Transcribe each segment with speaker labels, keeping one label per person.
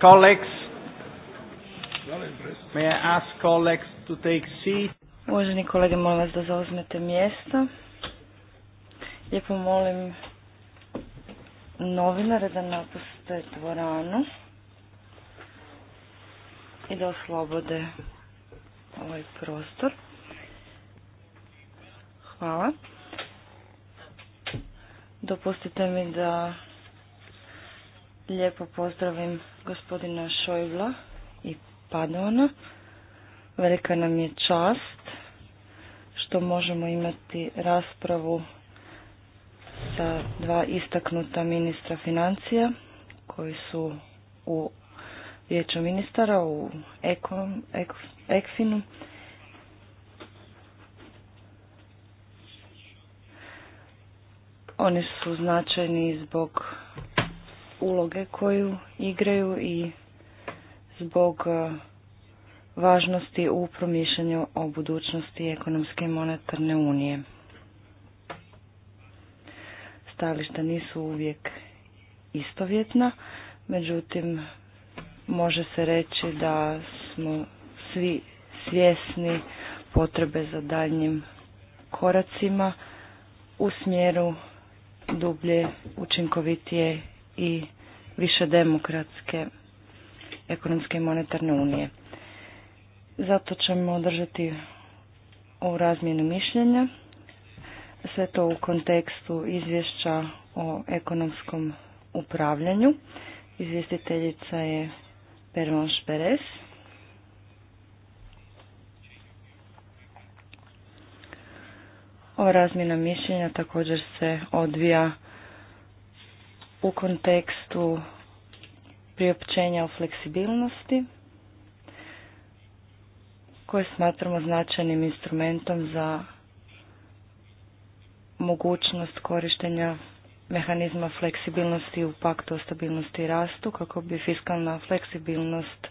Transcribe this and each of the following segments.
Speaker 1: Colleagues, may ask colleagues to take seat? Uvaženi kolege, molim vas da zauzmete mjesta. Lijepo molim novinare da napuste dvoranu i da oslobode ovaj prostor. Hvala. Dopustite mi da lijepo pozdravim gospodina Šojvla i padona, Velika nam je čast što možemo imati raspravu sa dva istaknuta ministra financija koji su u vijeću ministara u Ekom, Oni su značajni zbog uloge koju igraju i zbog e, važnosti u promišljanju o budućnosti ekonomske i monetarne unije. Stališta nisu uvijek istovjetna, međutim može se reći da smo svi svjesni potrebe za daljnjim koracima u smjeru dublje, učinkovitije i više demokratske ekonomske i monetarne unije. Zato ćemo održati ovu razmjenu mišljenja. Sve to u kontekstu izvješća o ekonomskom upravljanju. Izvjestiteljica je Pervan Šperes. Ova razmjena mišljenja također se odvija u kontekstu priopćenja o fleksibilnosti koje smatramo značajnim instrumentom za mogućnost korištenja mehanizma fleksibilnosti u paktu o stabilnosti i rastu kako bi fiskalna fleksibilnost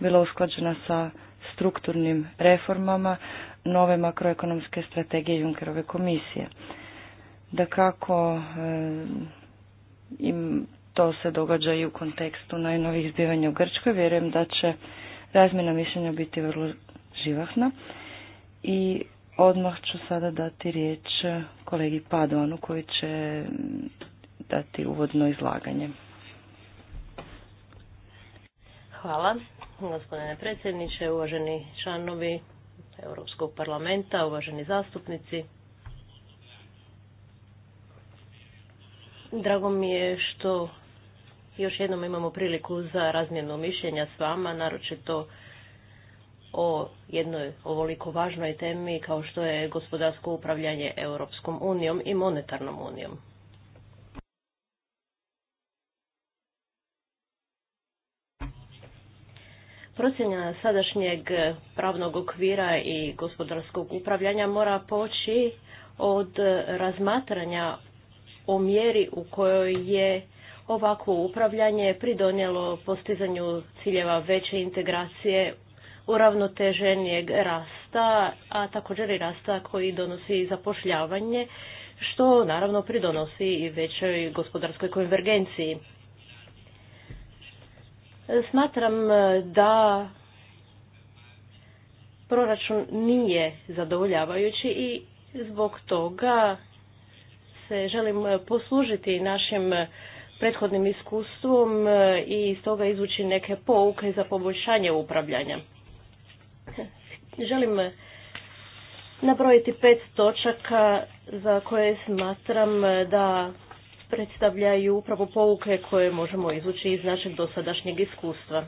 Speaker 1: bila usklađena sa strukturnim reformama nove makroekonomske strategije Junkerove komisije. Da kako e, i to se događa i u kontekstu najnovih zbivanja u Grčkoj. Vjerujem da će razmjena mišljenja biti vrlo živahna. I odmah ću sada dati riječ kolegi Padovanu koji će dati uvodno izlaganje.
Speaker 2: Hvala, gospodine predsjedniče, uvaženi članovi Europskog parlamenta, uvaženi zastupnici. Drago mi je što još jednom imamo priliku za razmjenu mišljenja s vama, naročito o jednoj ovoliko važnoj temi kao što je gospodarsko upravljanje Europskom unijom i monetarnom unijom. Procjenja sadašnjeg pravnog okvira i gospodarskog upravljanja mora poći od razmatranja o mjeri u kojoj je ovako upravljanje pridonijelo postizanju ciljeva veće integracije, uravnoteženijeg rasta, a također i rasta koji donosi zapošljavanje, što naravno pridonosi i većoj gospodarskoj konvergenciji. Smatram da proračun nije zadovoljavajući i zbog toga se želim poslužiti našim prethodnim iskustvom i iz toga izvući neke pouke za poboljšanje upravljanja. Želim nabrojiti pet točaka za koje smatram da predstavljaju upravo pouke koje možemo izvući iz našeg dosadašnjeg iskustva.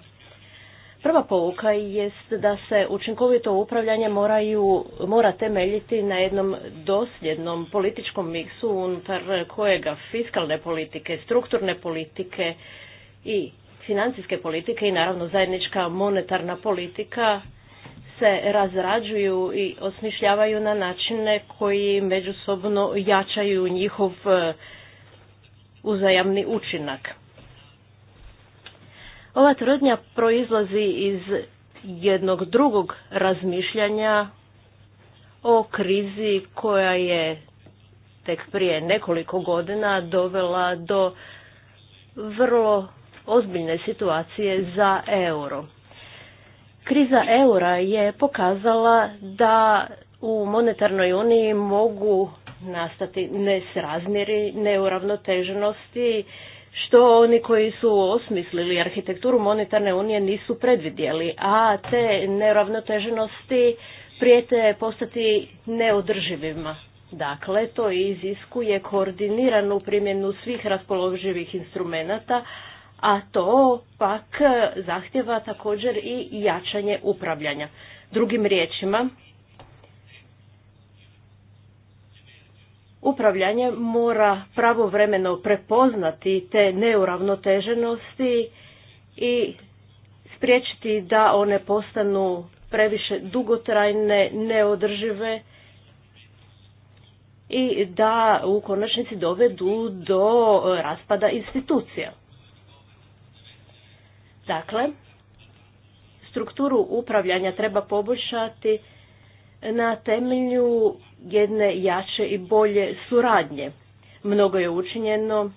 Speaker 2: Prva pouka jest da se učinkovito upravljanje moraju, mora temeljiti na jednom dosljednom političkom miksu unutar kojega fiskalne politike, strukturne politike i financijske politike i naravno zajednička monetarna politika se razrađuju i osmišljavaju na načine koji međusobno jačaju njihov eh, uzajamni učinak. Ova tvrdnja proizlazi iz jednog drugog razmišljanja o krizi koja je tek prije nekoliko godina dovela do vrlo ozbiljne situacije za euro. Kriza eura je pokazala da u monetarnoj uniji mogu nastati nesrazmjeri, neuravnoteženosti što oni koji su osmislili arhitekturu monetarne unije nisu predvidjeli, a te neravnoteženosti prijete postati neodrživima. Dakle, to iziskuje koordiniranu primjenu svih raspoloživih instrumenata, a to pak zahtjeva također i jačanje upravljanja. Drugim riječima, upravljanje mora pravovremeno prepoznati te neuravnoteženosti i spriječiti da one postanu previše dugotrajne, neodržive i da u konačnici dovedu do raspada institucija. Dakle, strukturu upravljanja treba poboljšati na temelju jedne jače i bolje suradnje. Mnogo je učinjeno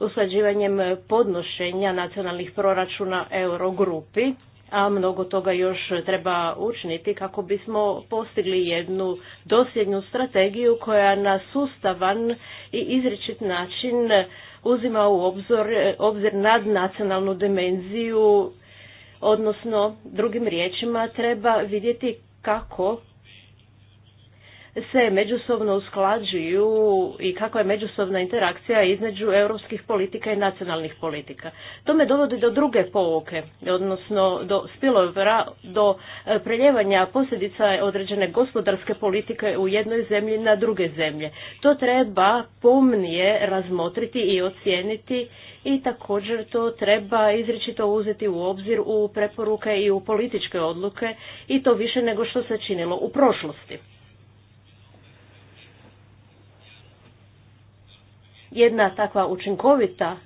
Speaker 2: usklađivanjem podnošenja nacionalnih proračuna Eurogrupi, a mnogo toga još treba učiniti kako bismo postigli jednu dosljednu strategiju koja na sustavan i izričit način uzima u obzor, obzir nad nacionalnu dimenziju Odnosno, drugim riječima, treba vidjeti kako se međusobno usklađuju i kako je međusobna interakcija između europskih politika i nacionalnih politika. To me dovodi do druge pouke, odnosno do spilovera, do e, preljevanja posljedica određene gospodarske politike u jednoj zemlji na druge zemlje. To treba pomnije razmotriti i ocijeniti i također to treba izričito uzeti u obzir u preporuke i u političke odluke i to više nego što se činilo u prošlosti. Jedna takva učinkovita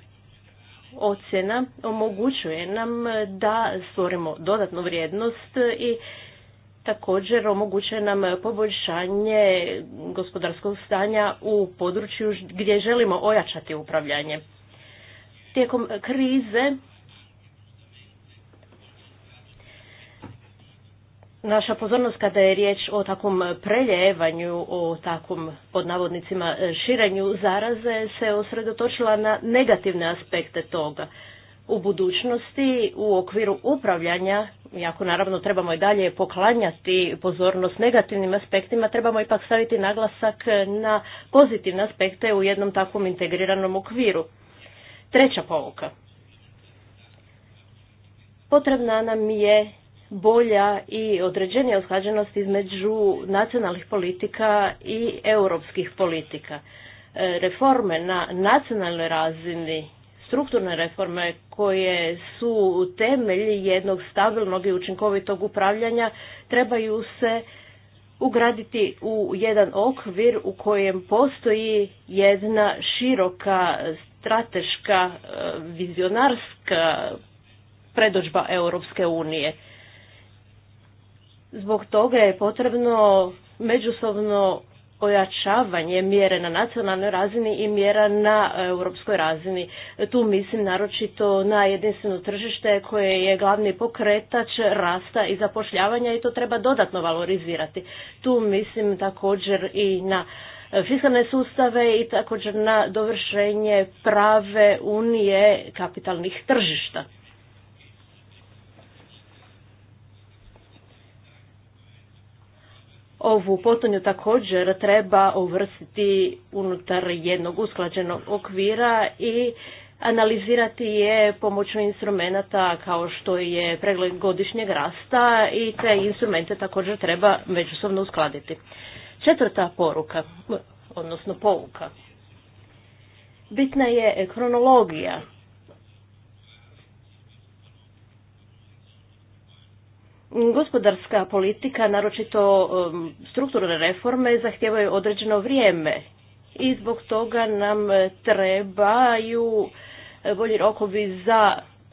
Speaker 2: ocjena omogućuje nam da stvorimo dodatnu vrijednost i također omogućuje nam poboljšanje gospodarskog stanja u području gdje želimo ojačati upravljanje. Tijekom krize naša pozornost kada je riječ o takvom preljevanju, o takvom, pod navodnicima, širenju zaraze se osredotočila na negativne aspekte toga. U budućnosti, u okviru upravljanja, iako naravno trebamo i dalje poklanjati pozornost negativnim aspektima, trebamo ipak staviti naglasak na pozitivne aspekte u jednom takvom integriranom okviru. Treća pouka. Potrebna nam je bolja i određenija usklađenost između nacionalnih politika i europskih politika. E, reforme na nacionalnoj razini, strukturne reforme koje su temelj jednog stabilnog i učinkovitog upravljanja trebaju se ugraditi u jedan okvir u kojem postoji jedna široka strateška e, vizionarska predođba Europske unije. Zbog toga je potrebno međusobno ojačavanje mjere na nacionalnoj razini i mjera na europskoj razini. Tu mislim naročito na jedinstveno tržište koje je glavni pokretač rasta i zapošljavanja i to treba dodatno valorizirati. Tu mislim također i na fiskalne sustave i također na dovršenje prave unije kapitalnih tržišta. Ovu potonju također treba uvrstiti unutar jednog usklađenog okvira i analizirati je pomoću instrumenta kao što je pregled godišnjeg rasta i te instrumente također treba međusobno uskladiti. Četvrta poruka, odnosno pouka. Bitna je kronologija Gospodarska politika, naročito um, strukturne reforme, zahtijevaju određeno vrijeme i zbog toga nam trebaju bolji rokovi za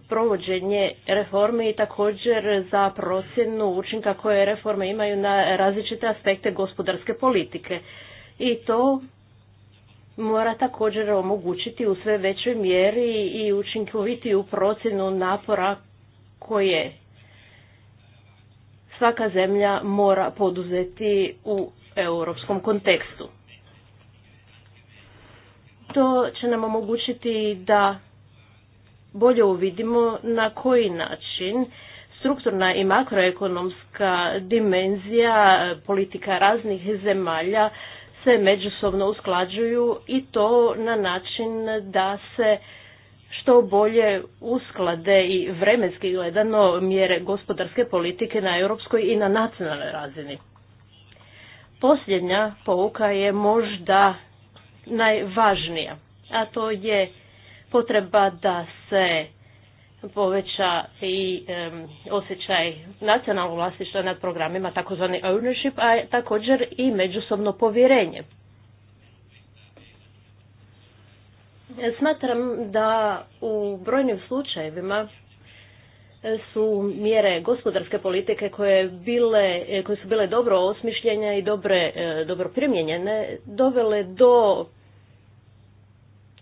Speaker 2: provođenje reforme i također za procjenu učinka koje reforme imaju na različite aspekte gospodarske politike. I to mora također omogućiti u sve većoj mjeri i učinkovitiju procjenu napora koje svaka zemlja mora poduzeti u europskom kontekstu. To će nam omogućiti da bolje uvidimo na koji način strukturna i makroekonomska dimenzija politika raznih zemalja se međusobno usklađuju i to na način da se što bolje usklade i vremenski gledano mjere gospodarske politike na europskoj i na nacionalnoj razini. Posljednja pouka je možda najvažnija, a to je potreba da se poveća i osjećaj nacionalnog vlasništva nad programima, takozvani ownership, a također i međusobno povjerenje. Smatram da u brojnim slučajevima su mjere gospodarske politike koje, bile, koje su bile dobro osmišljene i dobre, e, dobro primjenjene dovele do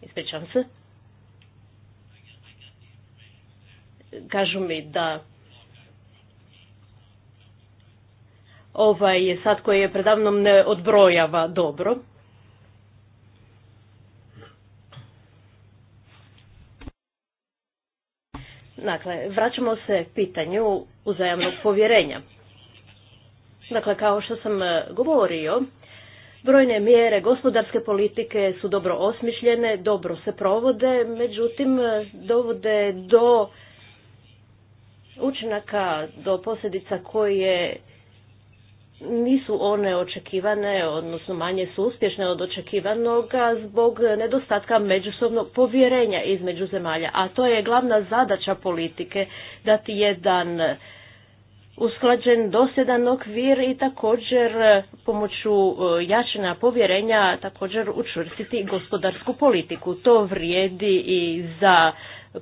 Speaker 2: ispričam se kažu mi da ovaj sad koji je predavnom ne odbrojava dobro Dakle, vraćamo se pitanju uzajamnog povjerenja. Dakle, kao što sam e, govorio, brojne mjere gospodarske politike su dobro osmišljene, dobro se provode, međutim, e, dovode do učinaka, do posljedica koje nisu one očekivane, odnosno manje su uspješne od očekivanoga zbog nedostatka međusobnog povjerenja između zemalja. A to je glavna zadaća politike, dati jedan usklađen dosjedan okvir i također e, pomoću e, jačanja povjerenja također učvrstiti gospodarsku politiku. To vrijedi i za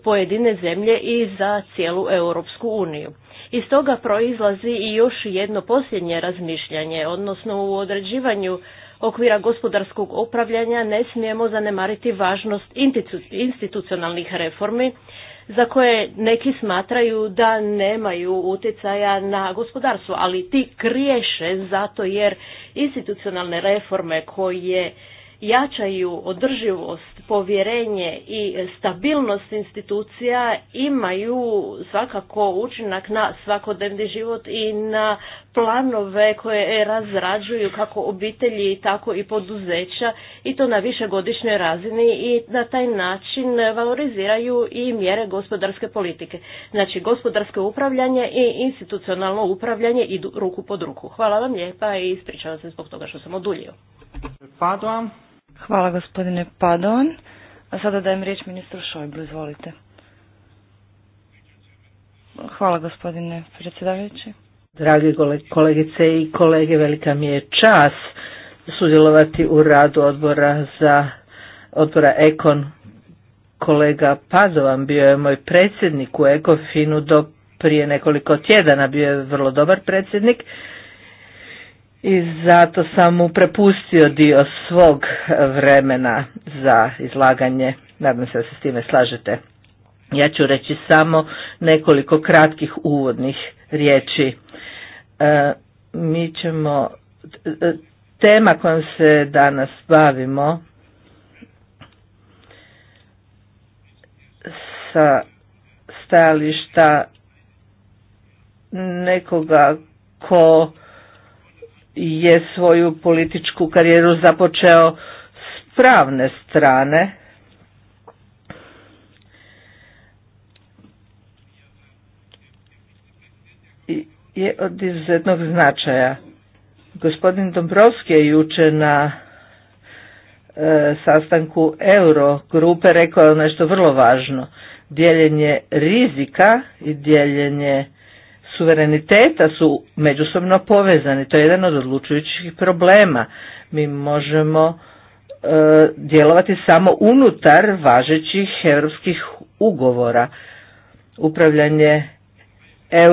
Speaker 2: pojedine zemlje i za cijelu Europsku uniju. Iz toga proizlazi i još jedno posljednje razmišljanje, odnosno u određivanju okvira gospodarskog upravljanja ne smijemo zanemariti važnost institucionalnih reformi za koje neki smatraju da nemaju utjecaja na gospodarstvo, ali ti kriješe zato jer institucionalne reforme koje jačaju održivost, povjerenje i stabilnost institucija imaju svakako učinak na svakodnevni život i na planove koje e, razrađuju kako obitelji, tako i poduzeća i to na višegodišnjoj razini i na taj način valoriziraju i mjere gospodarske politike. Znači gospodarsko upravljanje i institucionalno upravljanje idu ruku pod ruku. Hvala vam lijepa i ispričavam se zbog toga što sam oduljio.
Speaker 1: Hvala gospodine Padovan. A sada dajem riječ ministru Šojblu, izvolite. Hvala gospodine predsjedavajući.
Speaker 3: Dragi kolegice i kolege, velika mi je čas sudjelovati u radu odbora za odbora Ekon. Kolega Padovan bio je moj predsjednik u Ekofinu do prije nekoliko tjedana, bio je vrlo dobar predsjednik i zato sam mu prepustio dio svog vremena za izlaganje. Nadam se da se s time slažete. Ja ću reći samo nekoliko kratkih uvodnih riječi. E, mi ćemo, e, tema kojom se danas bavimo sa stajališta nekoga ko je svoju političku karijeru započeo s pravne strane je od izuzetnog značaja. Gospodin Dombrovski je juče na e, sastanku euro grupe rekao nešto vrlo važno. Dijeljenje rizika i dijeljenje suvereniteta su međusobno povezani. To je jedan od odlučujućih problema. Mi možemo e, djelovati samo unutar važećih europskih ugovora. Upravljanje E,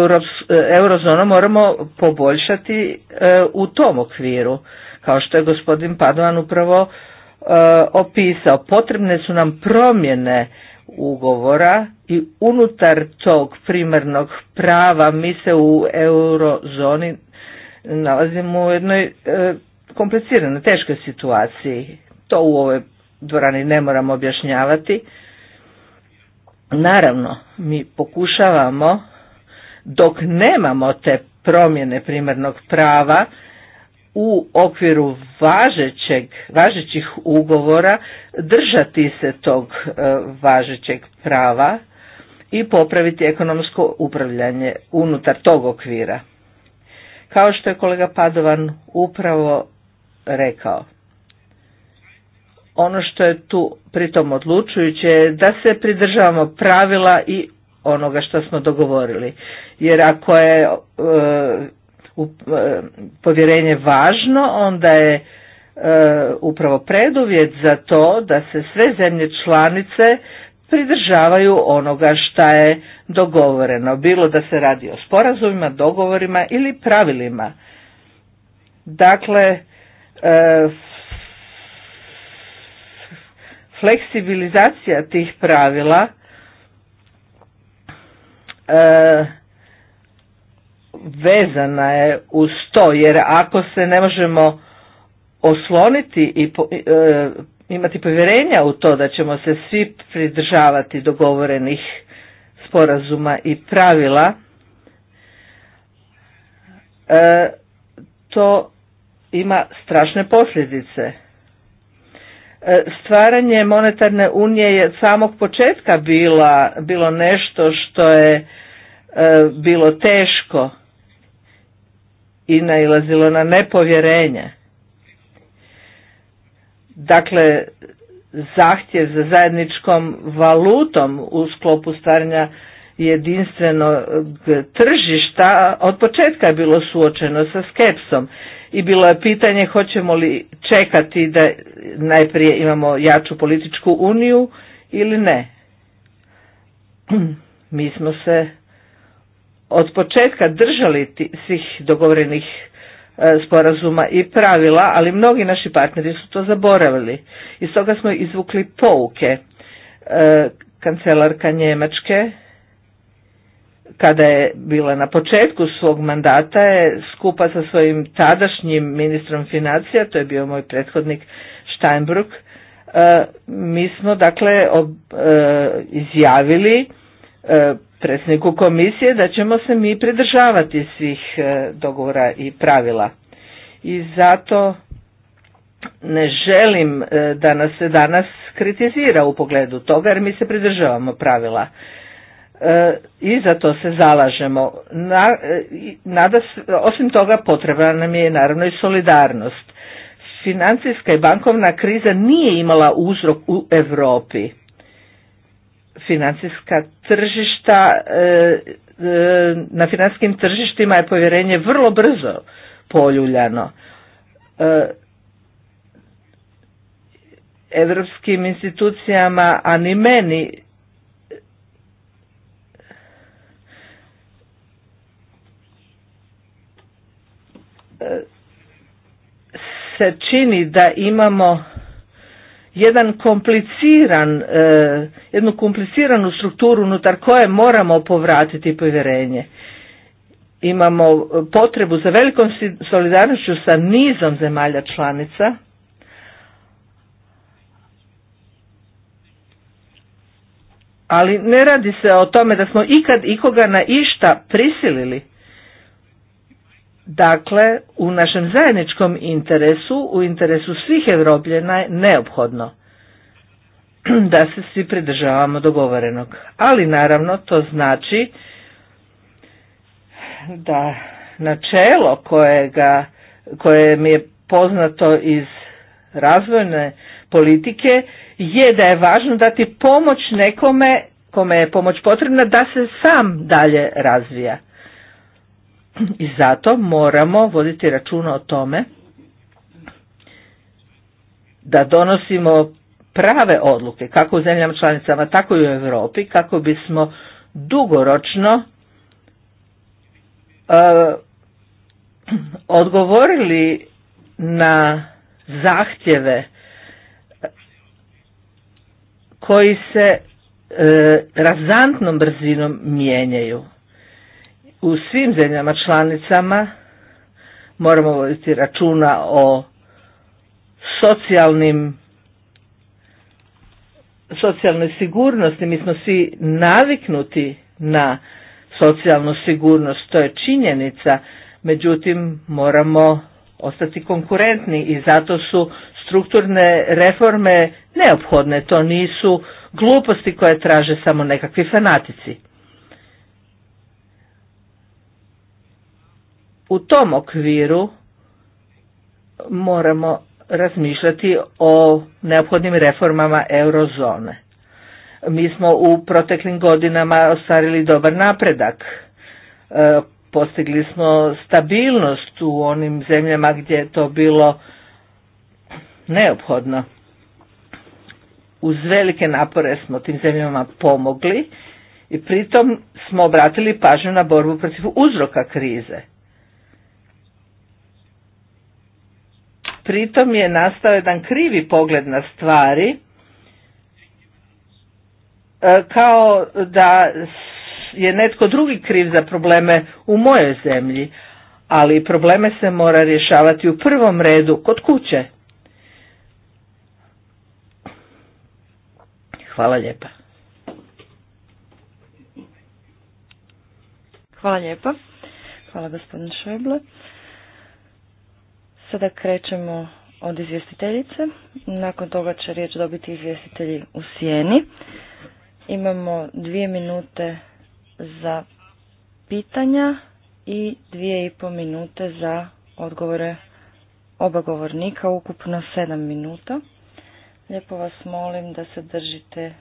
Speaker 3: eurozonu moramo poboljšati e, u tom okviru, kao što je gospodin Padovan upravo e, opisao. Potrebne su nam promjene ugovora i unutar tog primarnog prava mi se u eurozoni nalazimo u jednoj kompliciranoj, teškoj situaciji. To u ovoj dvorani ne moramo objašnjavati. Naravno, mi pokušavamo dok nemamo te promjene primarnog prava u okviru važećeg, važećih ugovora držati se tog e, važećeg prava i popraviti ekonomsko upravljanje unutar tog okvira. Kao što je kolega Padovan upravo rekao, ono što je tu pritom odlučujuće je da se pridržavamo pravila i onoga što smo dogovorili. Jer ako je e, e, povjerenje važno, onda je e, upravo preduvjet za to da se sve zemlje članice pridržavaju onoga šta je dogovoreno, bilo da se radi o sporazumima, dogovorima ili pravilima. Dakle, fleksibilizacija tih pravila E, vezana je uz to jer ako se ne možemo osloniti i e, imati povjerenja u to da ćemo se svi pridržavati dogovorenih sporazuma i pravila e, to ima strašne posljedice E, stvaranje monetarne unije je od samog početka bila, bilo nešto što je e, bilo teško i nailazilo na nepovjerenje. Dakle, zahtjev za zajedničkom valutom u sklopu stvaranja jedinstvenog tržišta od početka je bilo suočeno sa skepsom i bilo je pitanje hoćemo li čekati da najprije imamo jaču političku uniju ili ne. Mi smo se od početka držali svih dogovorenih e, sporazuma i pravila, ali mnogi naši partneri su to zaboravili. Iz toga smo izvukli pouke. E, kancelarka Njemačke kada je bila na početku svog mandata je skupa sa svojim tadašnjim ministrom financija, to je bio moj prethodnik Steinbruck, e, mi smo dakle e, izjavili e, predsjedniku komisije da ćemo se mi pridržavati svih dogovora i pravila. I zato ne želim da nas se danas kritizira u pogledu toga jer mi se pridržavamo pravila. E, i za to se zalažemo. Na, e, nada, osim toga potreba nam je naravno i solidarnost. Financijska i bankovna kriza nije imala uzrok u Europi. Financijska tržišta, e, na financijskim tržištima je povjerenje vrlo brzo poljuljano. Europskim institucijama, a ni meni se čini da imamo jedan kompliciran, e, jednu kompliciranu strukturu unutar koje moramo povratiti povjerenje. Imamo potrebu za velikom solidarnošću sa nizom zemalja članica, ali ne radi se o tome da smo ikad ikoga na išta prisilili. Dakle, u našem zajedničkom interesu, u interesu svih Evropljena je neophodno da se svi pridržavamo dogovorenog. Ali naravno to znači da načelo kojega, koje mi je poznato iz razvojne politike je da je važno dati pomoć nekome kome je pomoć potrebna da se sam dalje razvija. I zato moramo voditi računa o tome da donosimo prave odluke kako u zemljama članicama tako i u Europi kako bismo dugoročno e, odgovorili na zahtjeve koji se e, razantnom brzinom mijenjaju u svim zemljama članicama moramo voditi računa o socijalnim socijalnoj sigurnosti. Mi smo svi naviknuti na socijalnu sigurnost, to je činjenica, međutim moramo ostati konkurentni i zato su strukturne reforme neophodne, to nisu gluposti koje traže samo nekakvi fanatici. u tom okviru moramo razmišljati o neophodnim reformama eurozone. Mi smo u proteklim godinama ostvarili dobar napredak. E, postigli smo stabilnost u onim zemljama gdje je to bilo neophodno. Uz velike napore smo tim zemljama pomogli i pritom smo obratili pažnju na borbu protiv uzroka krize. Pritom je nastao jedan krivi pogled na stvari, e, kao da je netko drugi kriv za probleme u mojoj zemlji, ali probleme se mora rješavati u prvom redu kod kuće. Hvala lijepa.
Speaker 1: Hvala lijepa. Hvala gospodin Sada krećemo od izvjestiteljice. Nakon toga će riječ dobiti izvjestitelji u sjeni. Imamo dvije minute za pitanja i dvije i po minute za odgovore oba govornika, ukupno sedam minuta. Lijepo vas molim da se držite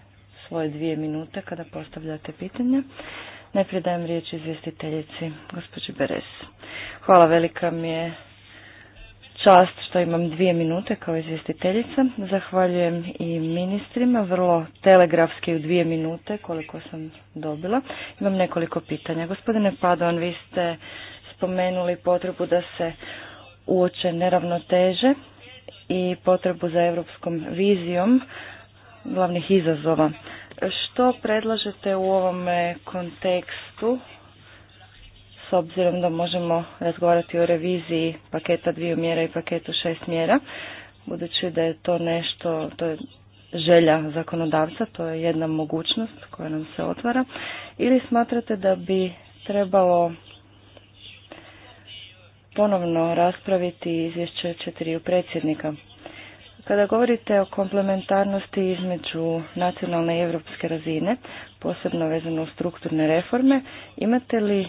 Speaker 1: svoje dvije minute kada postavljate pitanja. Najprije dajem riječ izvjestiteljici, gospođi Beres. Hvala, velika mi je čast što imam dvije minute kao izvjestiteljica. Zahvaljujem i ministrima, vrlo telegrafski u dvije minute koliko sam dobila. Imam nekoliko pitanja. Gospodine Padon, vi ste spomenuli potrebu da se uoče neravnoteže i potrebu za europskom vizijom glavnih izazova. Što predlažete u ovome kontekstu obzirom da možemo razgovarati o reviziji paketa dviju mjera i paketu šest mjera, budući da je to nešto, to je želja zakonodavca, to je jedna mogućnost koja nam se otvara, ili smatrate da bi trebalo ponovno raspraviti izvješće četiriju predsjednika. Kada govorite o komplementarnosti između nacionalne i europske razine, posebno vezano u strukturne reforme, imate li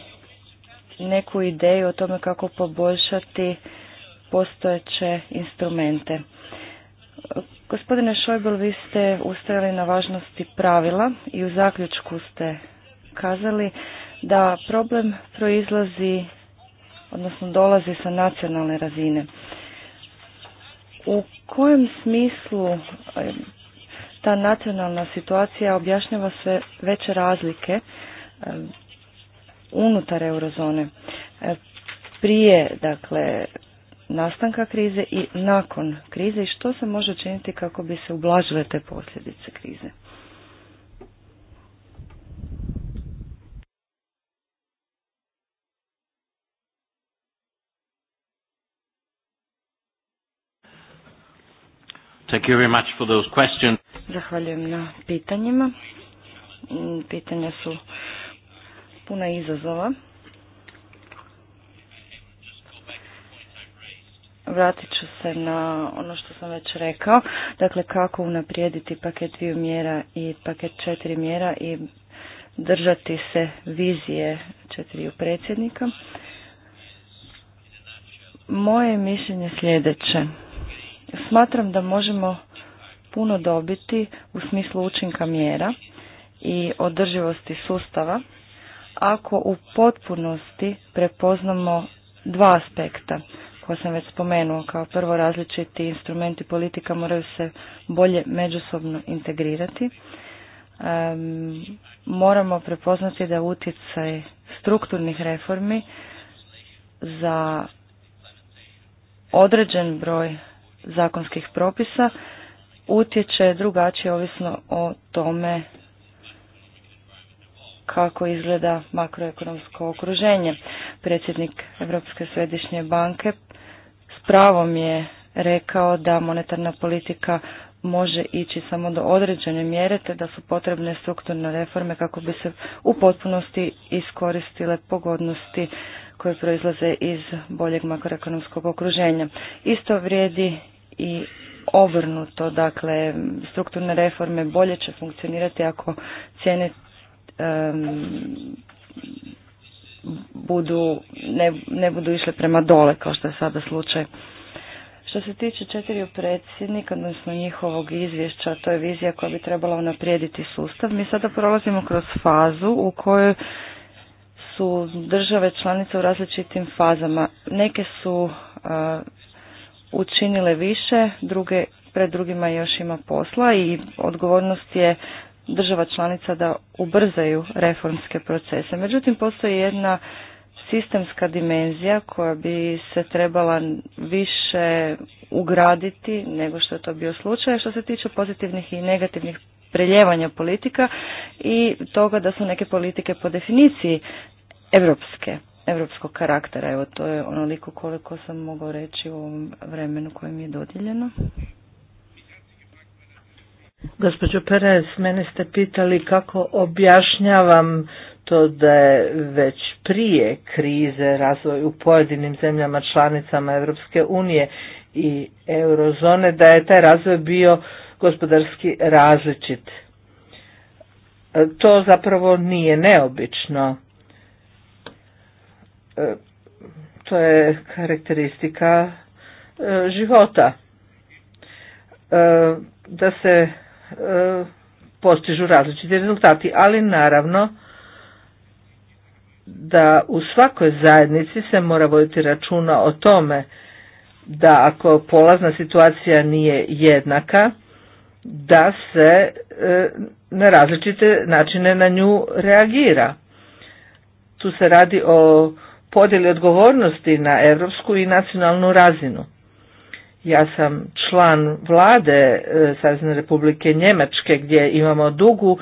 Speaker 1: neku ideju o tome kako poboljšati postojeće instrumente. Gospodine Šojbel, vi ste ustrali na važnosti pravila i u zaključku ste kazali da problem proizlazi, odnosno dolazi sa nacionalne razine. U kojem smislu ta nacionalna situacija objašnjava sve veće razlike unutar eurozone e, prije dakle nastanka krize i nakon krize i što se može činiti kako bi se ublažile te posljedice krize.
Speaker 2: Thank you very much for those questions.
Speaker 1: Zahvaljujem na pitanjima. Mm, pitanja su puna izazova. Vratit ću se na ono što sam već rekao, dakle kako unaprijediti paket dviju mjera i paket četiri mjera i držati se vizije četiriju predsjednika. Moje mišljenje sljedeće. Smatram da možemo puno dobiti u smislu učinka mjera i održivosti sustava ako u potpunosti prepoznamo dva aspekta koje sam već spomenuo. Kao prvo različiti instrumenti politika moraju se bolje međusobno integrirati. moramo prepoznati da utjecaj strukturnih reformi za određen broj zakonskih propisa utječe drugačije ovisno o tome kako izgleda makroekonomsko okruženje. Predsjednik Europske središnje banke s pravom je rekao da monetarna politika može ići samo do određene mjere te da su potrebne strukturne reforme kako bi se u potpunosti iskoristile pogodnosti koje proizlaze iz boljeg makroekonomskog okruženja. Isto vrijedi i obrnuto, dakle strukturne reforme bolje će funkcionirati ako cijene budu, ne, ne budu išle prema dole kao što je sada slučaj. Što se tiče četiri predsjednika, odnosno njihovog izvješća, to je vizija koja bi trebala unaprijediti sustav. Mi sada prolazimo kroz fazu u kojoj su države članice u različitim fazama. Neke su e, učinile više, druge pred drugima još ima posla i odgovornost je država članica da ubrzaju reformske procese. Međutim, postoji jedna sistemska dimenzija koja bi se trebala više ugraditi nego što je to bio slučaj što se tiče pozitivnih i negativnih preljevanja politika i toga da su neke politike po definiciji evropske, evropskog karaktera. Evo to je onoliko koliko sam mogao reći u ovom vremenu koje mi je dodijeljeno.
Speaker 3: Gospođo Perez, mene ste pitali kako objašnjavam to da je već prije krize razvoj u pojedinim zemljama članicama Europske unije i eurozone da je taj razvoj bio gospodarski različit. E, to zapravo nije neobično. E, to je karakteristika e, života. Da se E, postižu različiti rezultati, ali naravno da u svakoj zajednici se mora voditi računa o tome da ako polazna situacija nije jednaka, da se e, na različite načine na nju reagira. Tu se radi o podjeli odgovornosti na europsku i nacionalnu razinu. Ja sam član vlade e, Savezne Republike Njemačke gdje imamo dugu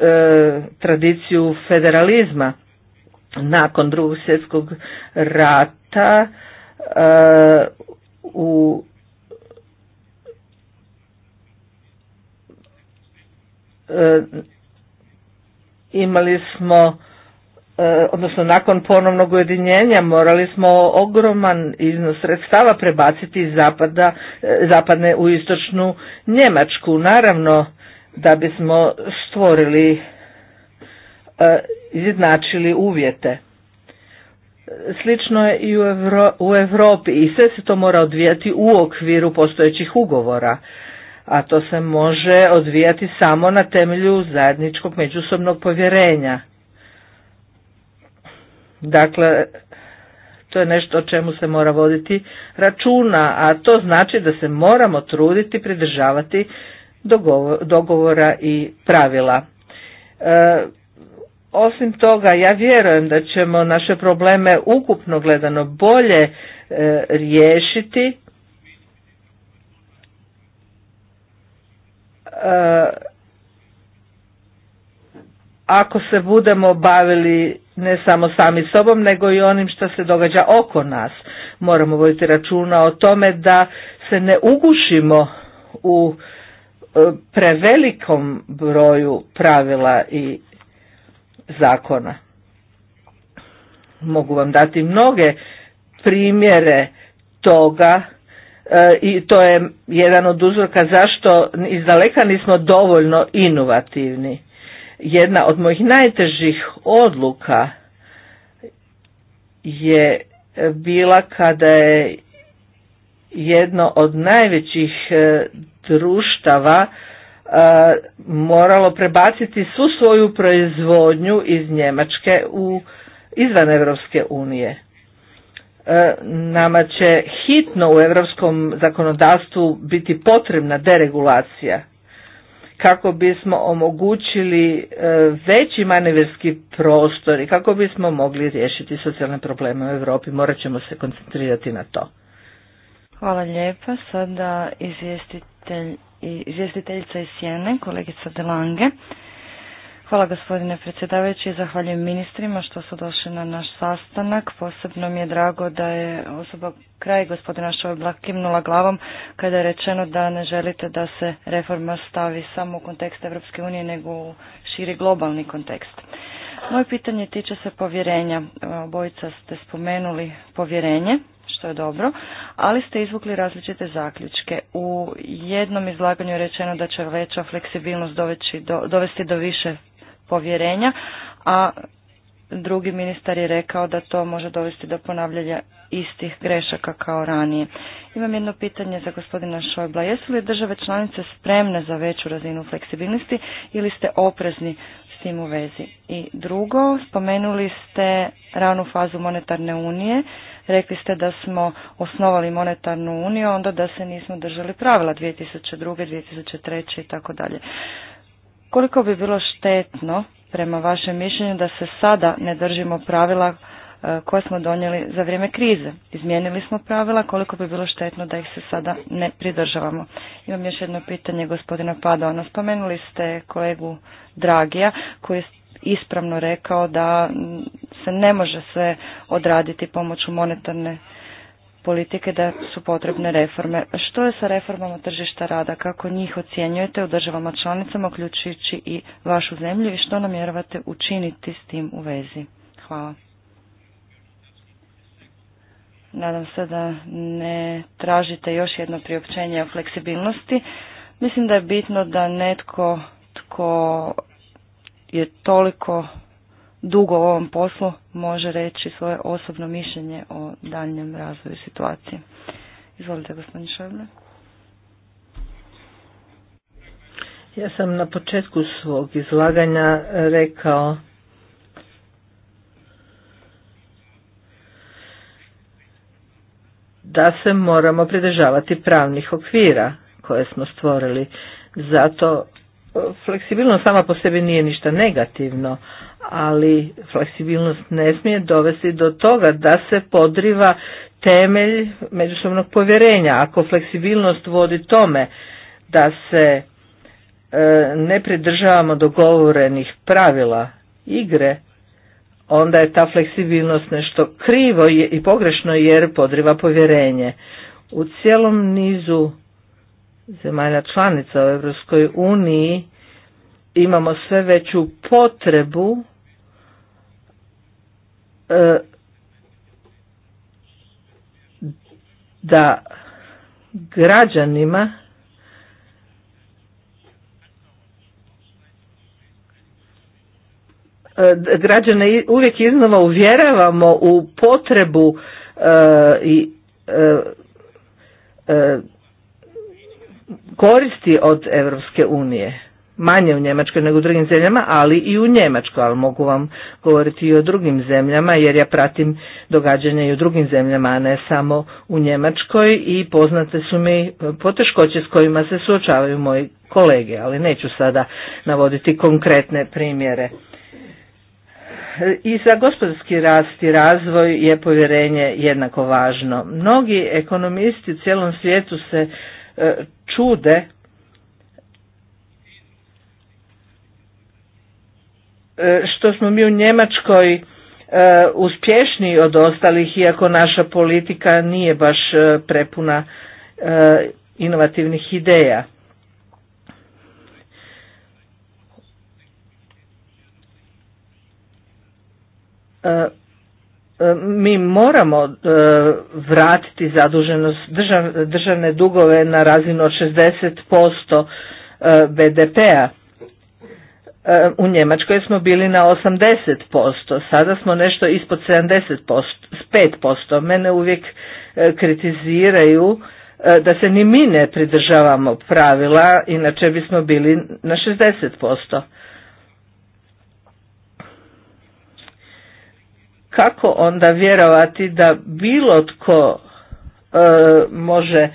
Speaker 3: e, tradiciju federalizma. Nakon drugog svjetskog rata e, u imali smo E, odnosno nakon ponovnog ujedinjenja morali smo ogroman iznos sredstava prebaciti iz zapada, e, zapadne u istočnu Njemačku. Naravno da bismo stvorili, e, izjednačili uvjete. Slično je i u, u Europi i sve se to mora odvijati u okviru postojećih ugovora, a to se može odvijati samo na temelju zajedničkog međusobnog povjerenja. Dakle, to je nešto o čemu se mora voditi računa, a to znači da se moramo truditi pridržavati dogovora i pravila. E, osim toga, ja vjerujem da ćemo naše probleme ukupno gledano bolje e, riješiti. E, ako se budemo bavili ne samo sami sobom, nego i onim što se događa oko nas. Moramo voditi računa o tome da se ne ugušimo u e, prevelikom broju pravila i zakona. Mogu vam dati mnoge primjere toga e, i to je jedan od uzroka zašto iz daleka nismo dovoljno inovativni jedna od mojih najtežih odluka je bila kada je jedno od najvećih e, društava e, moralo prebaciti svu svoju proizvodnju iz Njemačke u izvan Europske unije. E, nama će hitno u europskom zakonodavstvu biti potrebna deregulacija kako bismo omogućili e, veći manevrski prostor i kako bismo mogli riješiti socijalne probleme u Europi. Morat ćemo se koncentrirati na to.
Speaker 1: Hvala lijepa. Sada izvjestitelj, izvjestiteljica iz Sjene, kolegica Lange. Hvala gospodine predsjedavajući zahvaljujem ministrima što su došli na naš sastanak. Posebno mi je drago da je osoba kraj gospodina Šojbla kimnula glavom kada je rečeno da ne želite da se reforma stavi samo u kontekst Evropske unije nego u širi globalni kontekst. Moje pitanje tiče se povjerenja. Obojica ste spomenuli povjerenje što je dobro, ali ste izvukli različite zaključke. U jednom izlaganju je rečeno da će veća fleksibilnost dovesti do više povjerenja, a drugi ministar je rekao da to može dovesti do ponavljanja istih grešaka kao ranije. Imam jedno pitanje za gospodina Šojbla. Jesu li države članice spremne za veću razinu fleksibilnosti ili ste oprezni s tim u vezi? I drugo, spomenuli ste ranu fazu monetarne unije. Rekli ste da smo osnovali monetarnu uniju, onda da se nismo držali pravila 2002. 2003. i tako dalje. Koliko bi bilo štetno, prema vašem mišljenju, da se sada ne držimo pravila e, koje smo donijeli za vrijeme krize. Izmijenili smo pravila koliko bi bilo štetno da ih se sada ne pridržavamo. Imam još jedno pitanje gospodina Padona. Spomenuli ste kolegu Dragija koji je ispravno rekao da se ne može sve odraditi pomoću monetarne politike da su potrebne reforme. Što je sa reformama tržišta rada? Kako njih ocjenjujete u državama članicama, uključujući i vašu zemlju i što namjeravate učiniti s tim u vezi? Hvala. Nadam se da ne tražite još jedno priopćenje o fleksibilnosti. Mislim da je bitno da netko tko je toliko dugo u ovom poslu može reći svoje osobno mišljenje o daljnjem razvoju situacije. Izvolite, gospodin Ja sam na početku svog
Speaker 3: izlaganja rekao da se moramo pridržavati pravnih okvira koje smo stvorili. Zato e, fleksibilnost sama po sebi nije ništa negativno, ali fleksibilnost ne smije dovesti do toga da se podriva temelj međusobnog povjerenja. Ako fleksibilnost vodi tome da se e, ne pridržavamo dogovorenih pravila igre, onda je ta fleksibilnost nešto krivo i pogrešno jer podriva povjerenje. U cijelom nizu zemalja članica u EU imamo sve veću potrebu E, da građanima e, građane uvijek iznova uvjeravamo u potrebu e, i koristi od Europske unije manje u Njemačkoj nego u drugim zemljama, ali i u Njemačkoj, ali mogu vam govoriti i o drugim zemljama jer ja pratim događanja i u drugim zemljama, a ne samo u Njemačkoj i poznate su mi e, poteškoće s kojima se suočavaju moji kolege, ali neću sada navoditi konkretne primjere. I za gospodarski rast i razvoj je povjerenje jednako važno. Mnogi ekonomisti u cijelom svijetu se e, čude E, što smo mi u Njemačkoj e, uspješniji od ostalih, iako naša politika nije baš e, prepuna inovativnih ideja. Mi moramo vratiti zaduženost državne dugove na razinu od 60% BDP-a. E, u Njemačkoj smo bili na 80%, sada smo nešto ispod 70% posto mene uvijek e, kritiziraju e, da se ni mi ne pridržavamo pravila, inače bismo bili na 60%. Kako onda vjerovati da bilo tko može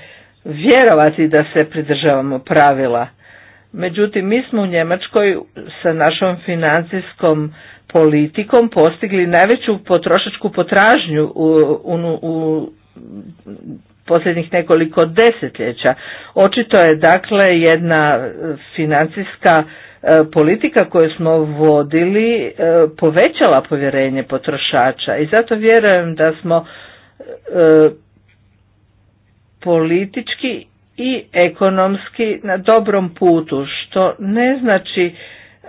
Speaker 3: vjerovati da se pridržavamo pravila? Međutim, mi smo u Njemačkoj sa našom financijskom politikom postigli najveću potrošačku potražnju u, u, u posljednjih nekoliko desetljeća. Očito je dakle jedna financijska e, politika koju smo vodili e, povećala povjerenje potrošača i zato vjerujem da smo e, politički i ekonomski na dobrom putu, što ne znači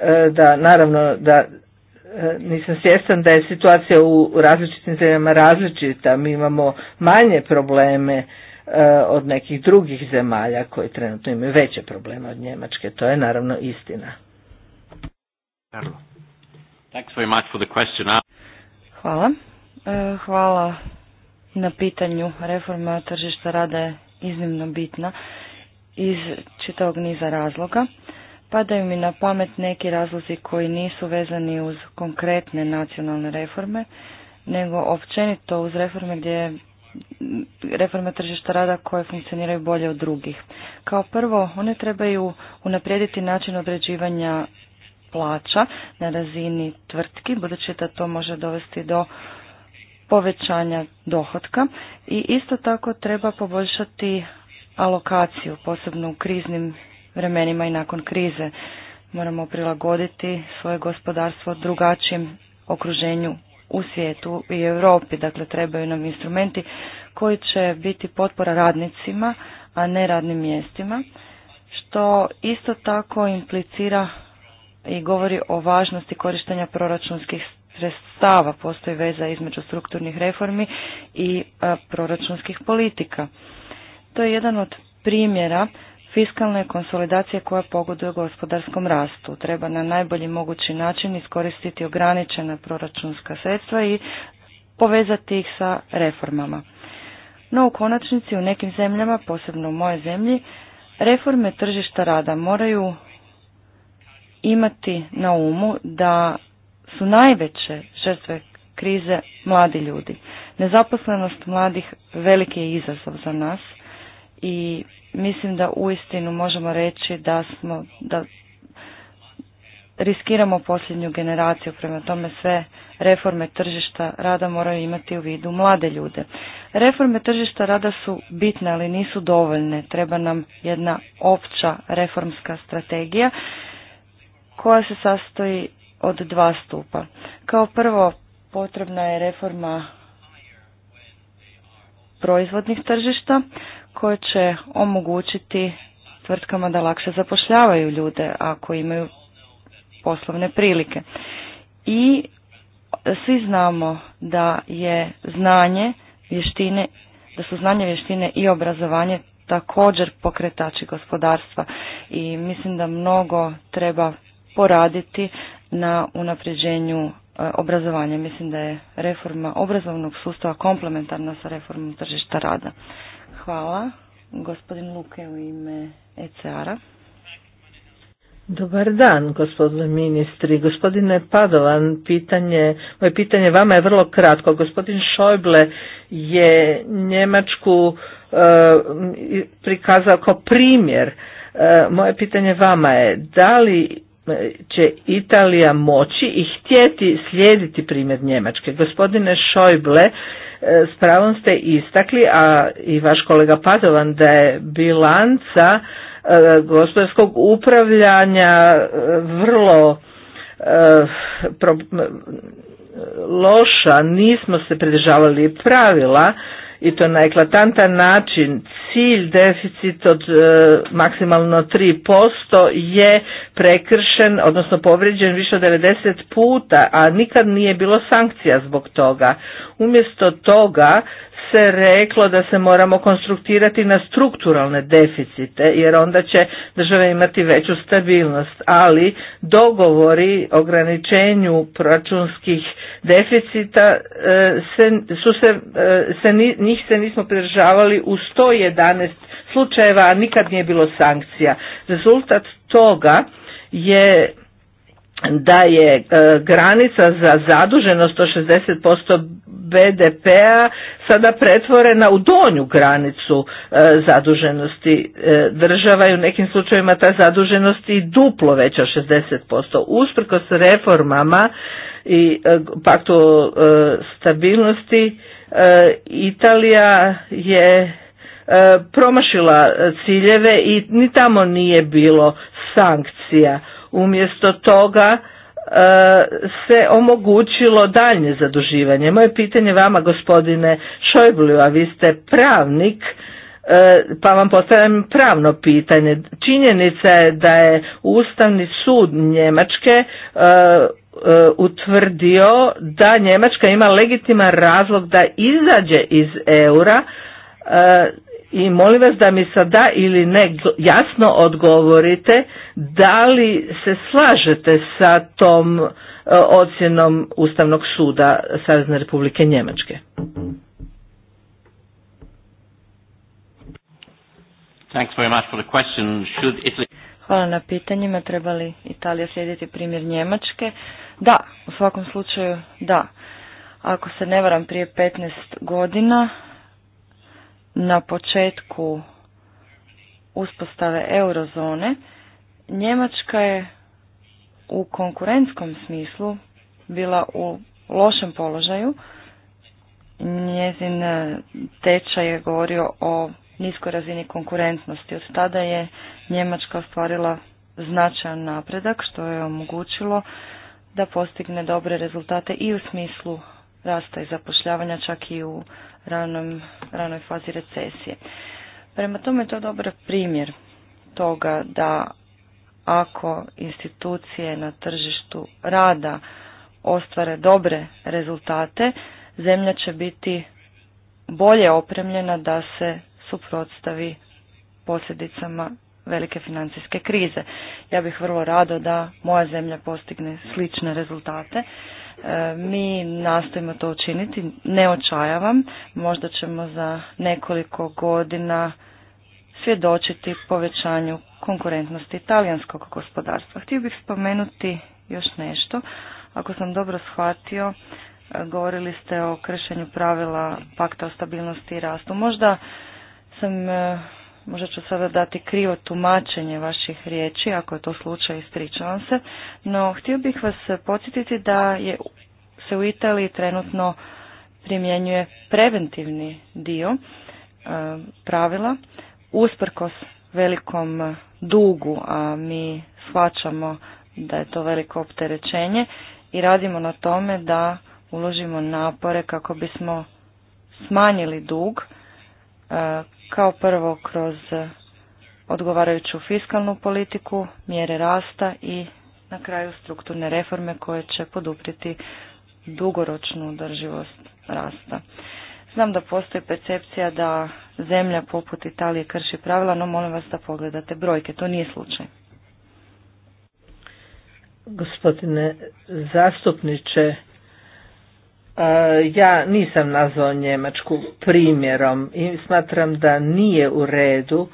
Speaker 3: e, da naravno da e, nisam svjestan da je situacija u različitim zemljama različita. Mi imamo manje probleme e, od nekih drugih zemalja koje trenutno imaju veće probleme od Njemačke. To je naravno istina.
Speaker 1: Hvala. Hvala na pitanju reforma tržišta rada iznimno bitna iz čitavog niza razloga. Padaju mi na pamet neki razlozi koji nisu vezani uz konkretne nacionalne reforme, nego općenito uz reforme gdje reforme tržišta rada koje funkcioniraju bolje od drugih. Kao prvo, one trebaju unaprijediti način određivanja plaća na razini tvrtki, budući da to može dovesti do povećanja dohotka i isto tako treba poboljšati alokaciju, posebno u kriznim vremenima i nakon krize. Moramo prilagoditi svoje gospodarstvo drugačijem okruženju u svijetu i Europi. Dakle, trebaju nam instrumenti koji će biti potpora radnicima, a ne radnim mjestima, što isto tako implicira i govori o važnosti korištenja proračunskih sredstava. Postoji veza između strukturnih reformi i e, proračunskih politika. To je jedan od primjera fiskalne konsolidacije koja pogoduje gospodarskom rastu. Treba na najbolji mogući način iskoristiti ograničena proračunska sredstva i povezati ih sa reformama. No u konačnici u nekim zemljama, posebno u moje zemlji, reforme tržišta rada moraju imati na umu da su najveće žrtve krize mladi ljudi. Nezaposlenost mladih veliki je izazov za nas i mislim da uistinu možemo reći da smo da riskiramo posljednju generaciju, prema tome sve reforme tržišta rada moraju imati u vidu mlade ljude. Reforme tržišta rada su bitne, ali nisu dovoljne. Treba nam jedna opća reformska strategija koja se sastoji od dva stupa. Kao prvo, potrebna je reforma proizvodnih tržišta koje će omogućiti tvrtkama da lakše zapošljavaju ljude ako imaju poslovne prilike. I svi znamo da je znanje, vještine, da su znanje, vještine i obrazovanje također pokretači gospodarstva i mislim da mnogo treba poraditi na unapređenju e, obrazovanja. Mislim da je reforma obrazovnog sustava komplementarna sa reformom tržišta rada. Hvala. Gospodin Luke u ime ECR-a. Dobar dan, gospodine
Speaker 3: ministri. Gospodine Padovan, pitanje, moje pitanje vama je vrlo kratko. Gospodin Šojble je Njemačku e, prikazao kao primjer. E, moje pitanje vama je, da li će Italija moći i htjeti slijediti primjer Njemačke. Gospodine Šojble, e, s pravom ste istakli, a i vaš kolega Padovan, da je bilanca e, gospodarskog upravljanja e, vrlo loša, nismo se pridržavali pravila i to na eklatantan način. Cilj deficit od e, maksimalno 3% je prekršen, odnosno povrijeđen više od 90 puta, a nikad nije bilo sankcija zbog toga. Umjesto toga se reklo da se moramo konstruktirati na strukturalne deficite jer onda će države imati veću stabilnost, ali dogovori ograničenju proračunskih deficita e, se, su se, e, se, njih se nismo pridržavali u 111 slučajeva, a nikad nije bilo sankcija. Rezultat toga je da je e, granica za zaduženost 60% BDP-a sada pretvorena u donju granicu e, zaduženosti e, država i u nekim slučajevima ta zaduženost i duplo veća 60%. Usprkos reformama i paktu stabilnosti Italija je promašila ciljeve i ni tamo nije bilo sankcija Umjesto toga e, se omogućilo daljnje zaduživanje. Moje pitanje vama gospodine Šojblu, a vi ste pravnik, e, pa vam postavljam pravno pitanje. Činjenica je da je Ustavni sud Njemačke e, utvrdio da Njemačka ima legitiman razlog da izađe iz eura i molim vas da mi sada da ili ne jasno odgovorite da li se slažete sa tom e, ocjenom Ustavnog suda Savezne Republike Njemačke.
Speaker 1: Hvala na pitanjima. Treba li Italija slijediti primjer Njemačke? Da, u svakom slučaju da. Ako se ne varam prije 15 godina na početku uspostave eurozone, Njemačka je u konkurentskom smislu bila u lošem položaju. Njezin eh, tečaj je govorio o niskoj razini konkurentnosti. Od tada je Njemačka ostvarila značajan napredak što je omogućilo da postigne dobre rezultate i u smislu rasta i zapošljavanja čak i u ranom, ranoj fazi recesije. Prema tome to dobar primjer toga da ako institucije na tržištu rada ostvare dobre rezultate, zemlja će biti bolje opremljena da se suprotstavi posljedicama velike financijske krize. Ja bih vrlo rado da moja zemlja postigne slične rezultate. E, mi nastojimo to učiniti, ne očajavam, možda ćemo za nekoliko godina svjedočiti povećanju konkurentnosti talijanskog gospodarstva. Htio bih spomenuti još nešto. Ako sam dobro shvatio, e, govorili ste o kršenju pravila pakta o stabilnosti i rastu. Možda sam e, možda ću sada dati krivo tumačenje vaših riječi, ako je to slučaj ispričavam se, no htio bih vas podsjetiti da je, se u Italiji trenutno primjenjuje preventivni dio e, pravila, usprkos velikom dugu, a mi shvaćamo da je to veliko opterećenje i radimo na tome da uložimo napore kako bismo smanjili dug e, kao prvo kroz odgovarajuću fiskalnu politiku, mjere rasta i na kraju strukturne reforme koje će poduprijeti dugoročnu održivost rasta. Znam da postoji percepcija da zemlja poput Italije krši pravila, no molim vas da pogledate brojke, to nije slučaj.
Speaker 3: Gospodine zastupniče, E, ja nisam nazvao Njemačku primjerom i smatram da nije u redu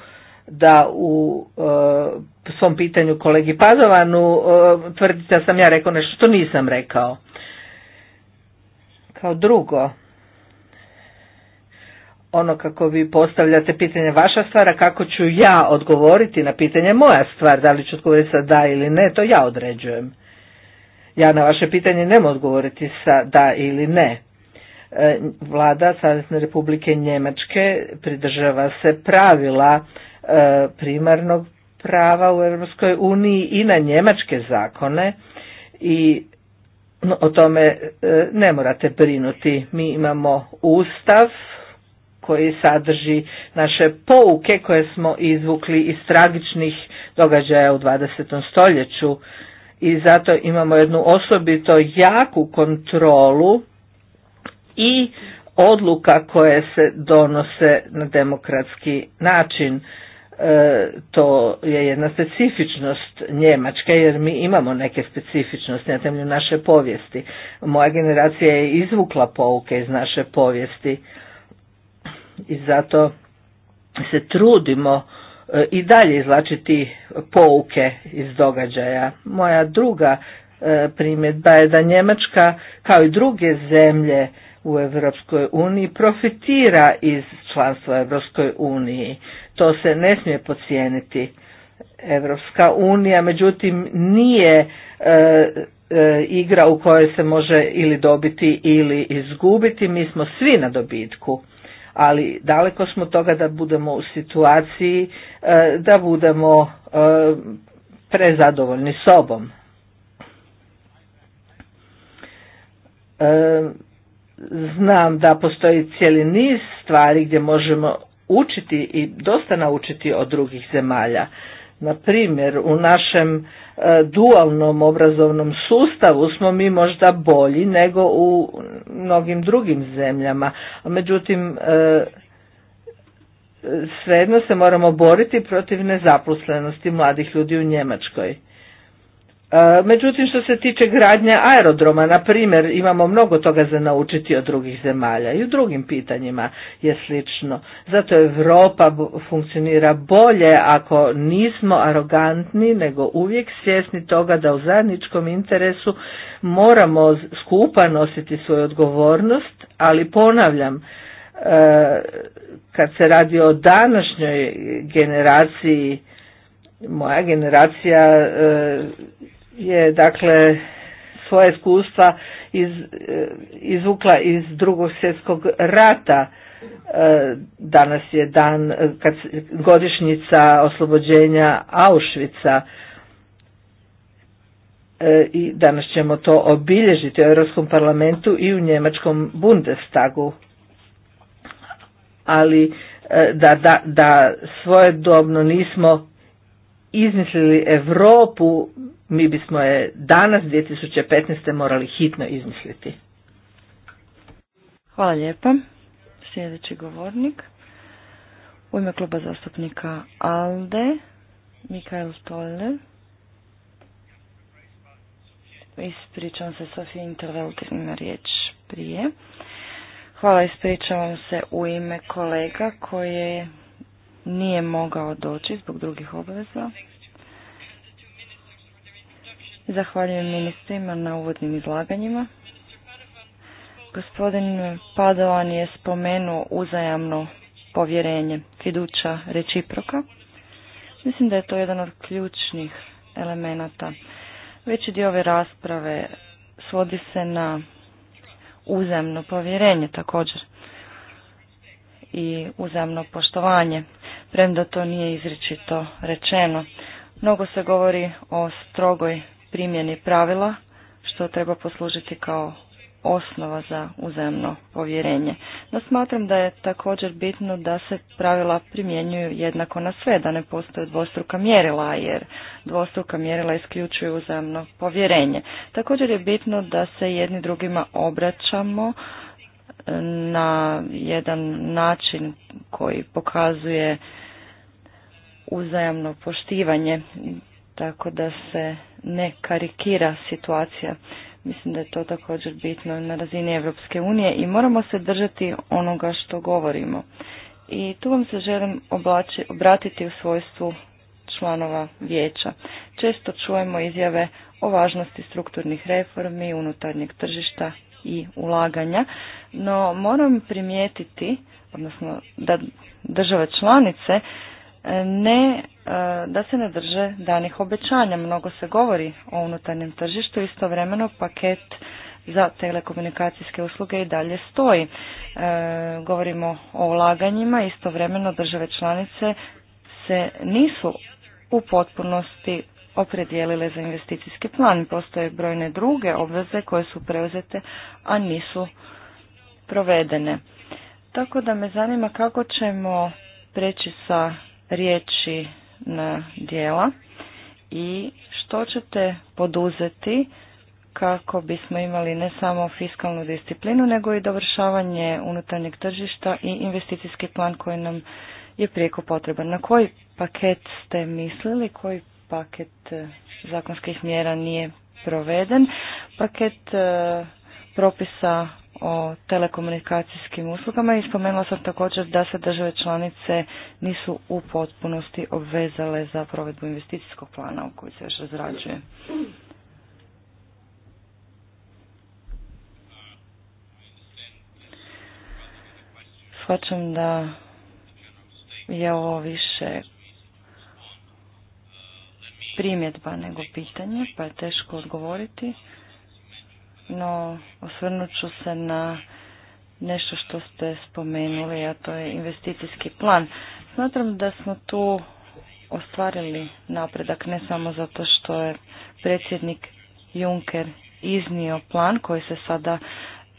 Speaker 3: da u e, svom pitanju kolegi Padovanu uh, e, tvrdite da sam ja rekao nešto što nisam rekao. Kao drugo, ono kako vi postavljate pitanje vaša stvar, kako ću ja odgovoriti na pitanje moja stvar, da li ću odgovoriti sad da ili ne, to ja određujem. Ja na vaše pitanje ne mogu odgovoriti sa da ili ne. E, Vlada Savezne republike Njemačke pridržava se pravila e, primarnog prava u Europskoj uniji i na njemačke zakone i o tome e, ne morate brinuti. Mi imamo ustav koji sadrži naše pouke koje smo izvukli iz tragičnih događaja u 20. stoljeću i zato imamo jednu osobito jaku kontrolu i odluka koje se donose na demokratski način. E, to je jedna specifičnost Njemačke jer mi imamo neke specifičnosti na temelju naše povijesti. Moja generacija je izvukla pouke iz naše povijesti i zato se trudimo E, i dalje izlačiti pouke iz događaja. Moja druga e, primjedba je da Njemačka kao i druge zemlje u Europskoj uniji profitira iz članstva Europskoj uniji. To se ne smije pocijeniti. Europska unija međutim nije e, igra u kojoj se može ili dobiti ili izgubiti. Mi smo svi na dobitku ali daleko smo toga da budemo u situaciji e, da budemo e, prezadovoljni sobom. E, znam da postoji cijeli niz stvari gdje možemo učiti i dosta naučiti od drugih zemalja. Na primjer, u našem e, dualnom obrazovnom sustavu smo mi možda bolji nego u mnogim drugim zemljama. Međutim, e, svejedno se moramo boriti protiv nezaposlenosti mladih ljudi u Njemačkoj. E, međutim, što se tiče gradnje aerodroma, na primjer, imamo mnogo toga za naučiti od drugih zemalja i u drugim pitanjima je slično. Zato Europa funkcionira bolje ako nismo arogantni, nego uvijek svjesni toga da u zajedničkom interesu moramo skupa nositi svoju odgovornost, ali ponavljam, e, kad se radi o današnjoj generaciji, moja generacija e, je dakle svoje iskustva iz, eh, izvukla iz drugog svjetskog rata. Eh, danas je dan eh, kad, godišnjica oslobođenja Auschwitza i danas ćemo to obilježiti u Europskom parlamentu i u Njemačkom Bundestagu. Ali da, da, da svojedobno nismo izmislili Europu mi bismo je danas 2015. morali hitno izmisliti.
Speaker 1: Hvala lijepa. Sljedeći govornik. U ime kluba zastupnika ALDE, Mikael Tolle. Ispričavam se, Sofija Intervelt na riječ prije. Hvala, ispričavam se u ime kolega koji nije mogao doći zbog drugih obaveza. Zahvaljujem ministrima na uvodnim izlaganjima. Gospodin Padovan je spomenuo uzajamno povjerenje, fiduća rečiproka. Mislim da je to jedan od ključnih elemenata. Veći dio ove rasprave svodi se na uzajamno povjerenje također i uzajamno poštovanje, premda to nije izričito rečeno. Mnogo se govori o strogoj primjeni pravila što treba poslužiti kao osnova za uzajamno povjerenje. No smatram da je također bitno da se pravila primjenjuju jednako na sve, da ne postoje dvostruka mjerila, jer dvostruka mjerila isključuju uzajamno povjerenje. Također je bitno da se jedni drugima obraćamo e, na jedan način koji pokazuje uzajamno poštivanje, tako da se ne karikira situacija. Mislim da je to također bitno na razini Europske unije i moramo se držati onoga što govorimo. I tu vam se želim oblači, obratiti u svojstvu članova vijeća. Često čujemo izjave o važnosti strukturnih reformi, unutarnjeg tržišta i ulaganja, no moram primijetiti, odnosno da države članice E, ne, e, da se ne drže danih obećanja. Mnogo se govori o unutarnjem tržištu, istovremeno paket za telekomunikacijske usluge i dalje stoji. E, govorimo o ulaganjima, istovremeno države članice se nisu u potpunosti opredijelile za investicijski plan. Postoje brojne druge obveze koje su preuzete, a nisu provedene. Tako da me zanima kako ćemo preći sa riječi na dijela i što ćete poduzeti kako bismo imali ne samo fiskalnu disciplinu, nego i dovršavanje unutarnjeg tržišta i investicijski plan koji nam je prijeko potreban. Na koji paket ste mislili, koji paket e, zakonskih mjera nije proveden? Paket e, propisa o telekomunikacijskim uslugama i spomenula sam također da se države članice nisu u potpunosti obvezale za provedbu investicijskog plana u koji se još razrađuje. Shvaćam da je ovo više primjedba nego pitanje, pa je teško odgovoriti no osvrnut ću se na nešto što ste spomenuli, a to je investicijski plan. Smatram da smo tu ostvarili napredak ne samo zato što je predsjednik Juncker iznio plan koji se sada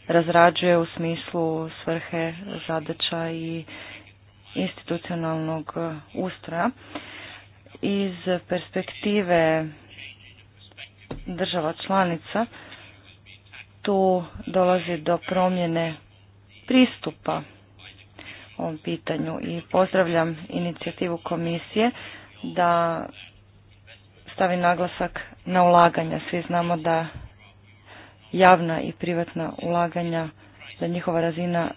Speaker 1: razrađuje u smislu svrhe zadaća i institucionalnog ustroja. Iz perspektive država članica tu dolazi do promjene pristupa ovom pitanju i pozdravljam inicijativu komisije da stavi naglasak na ulaganja. Svi znamo da javna i privatna ulaganja, da njihova razina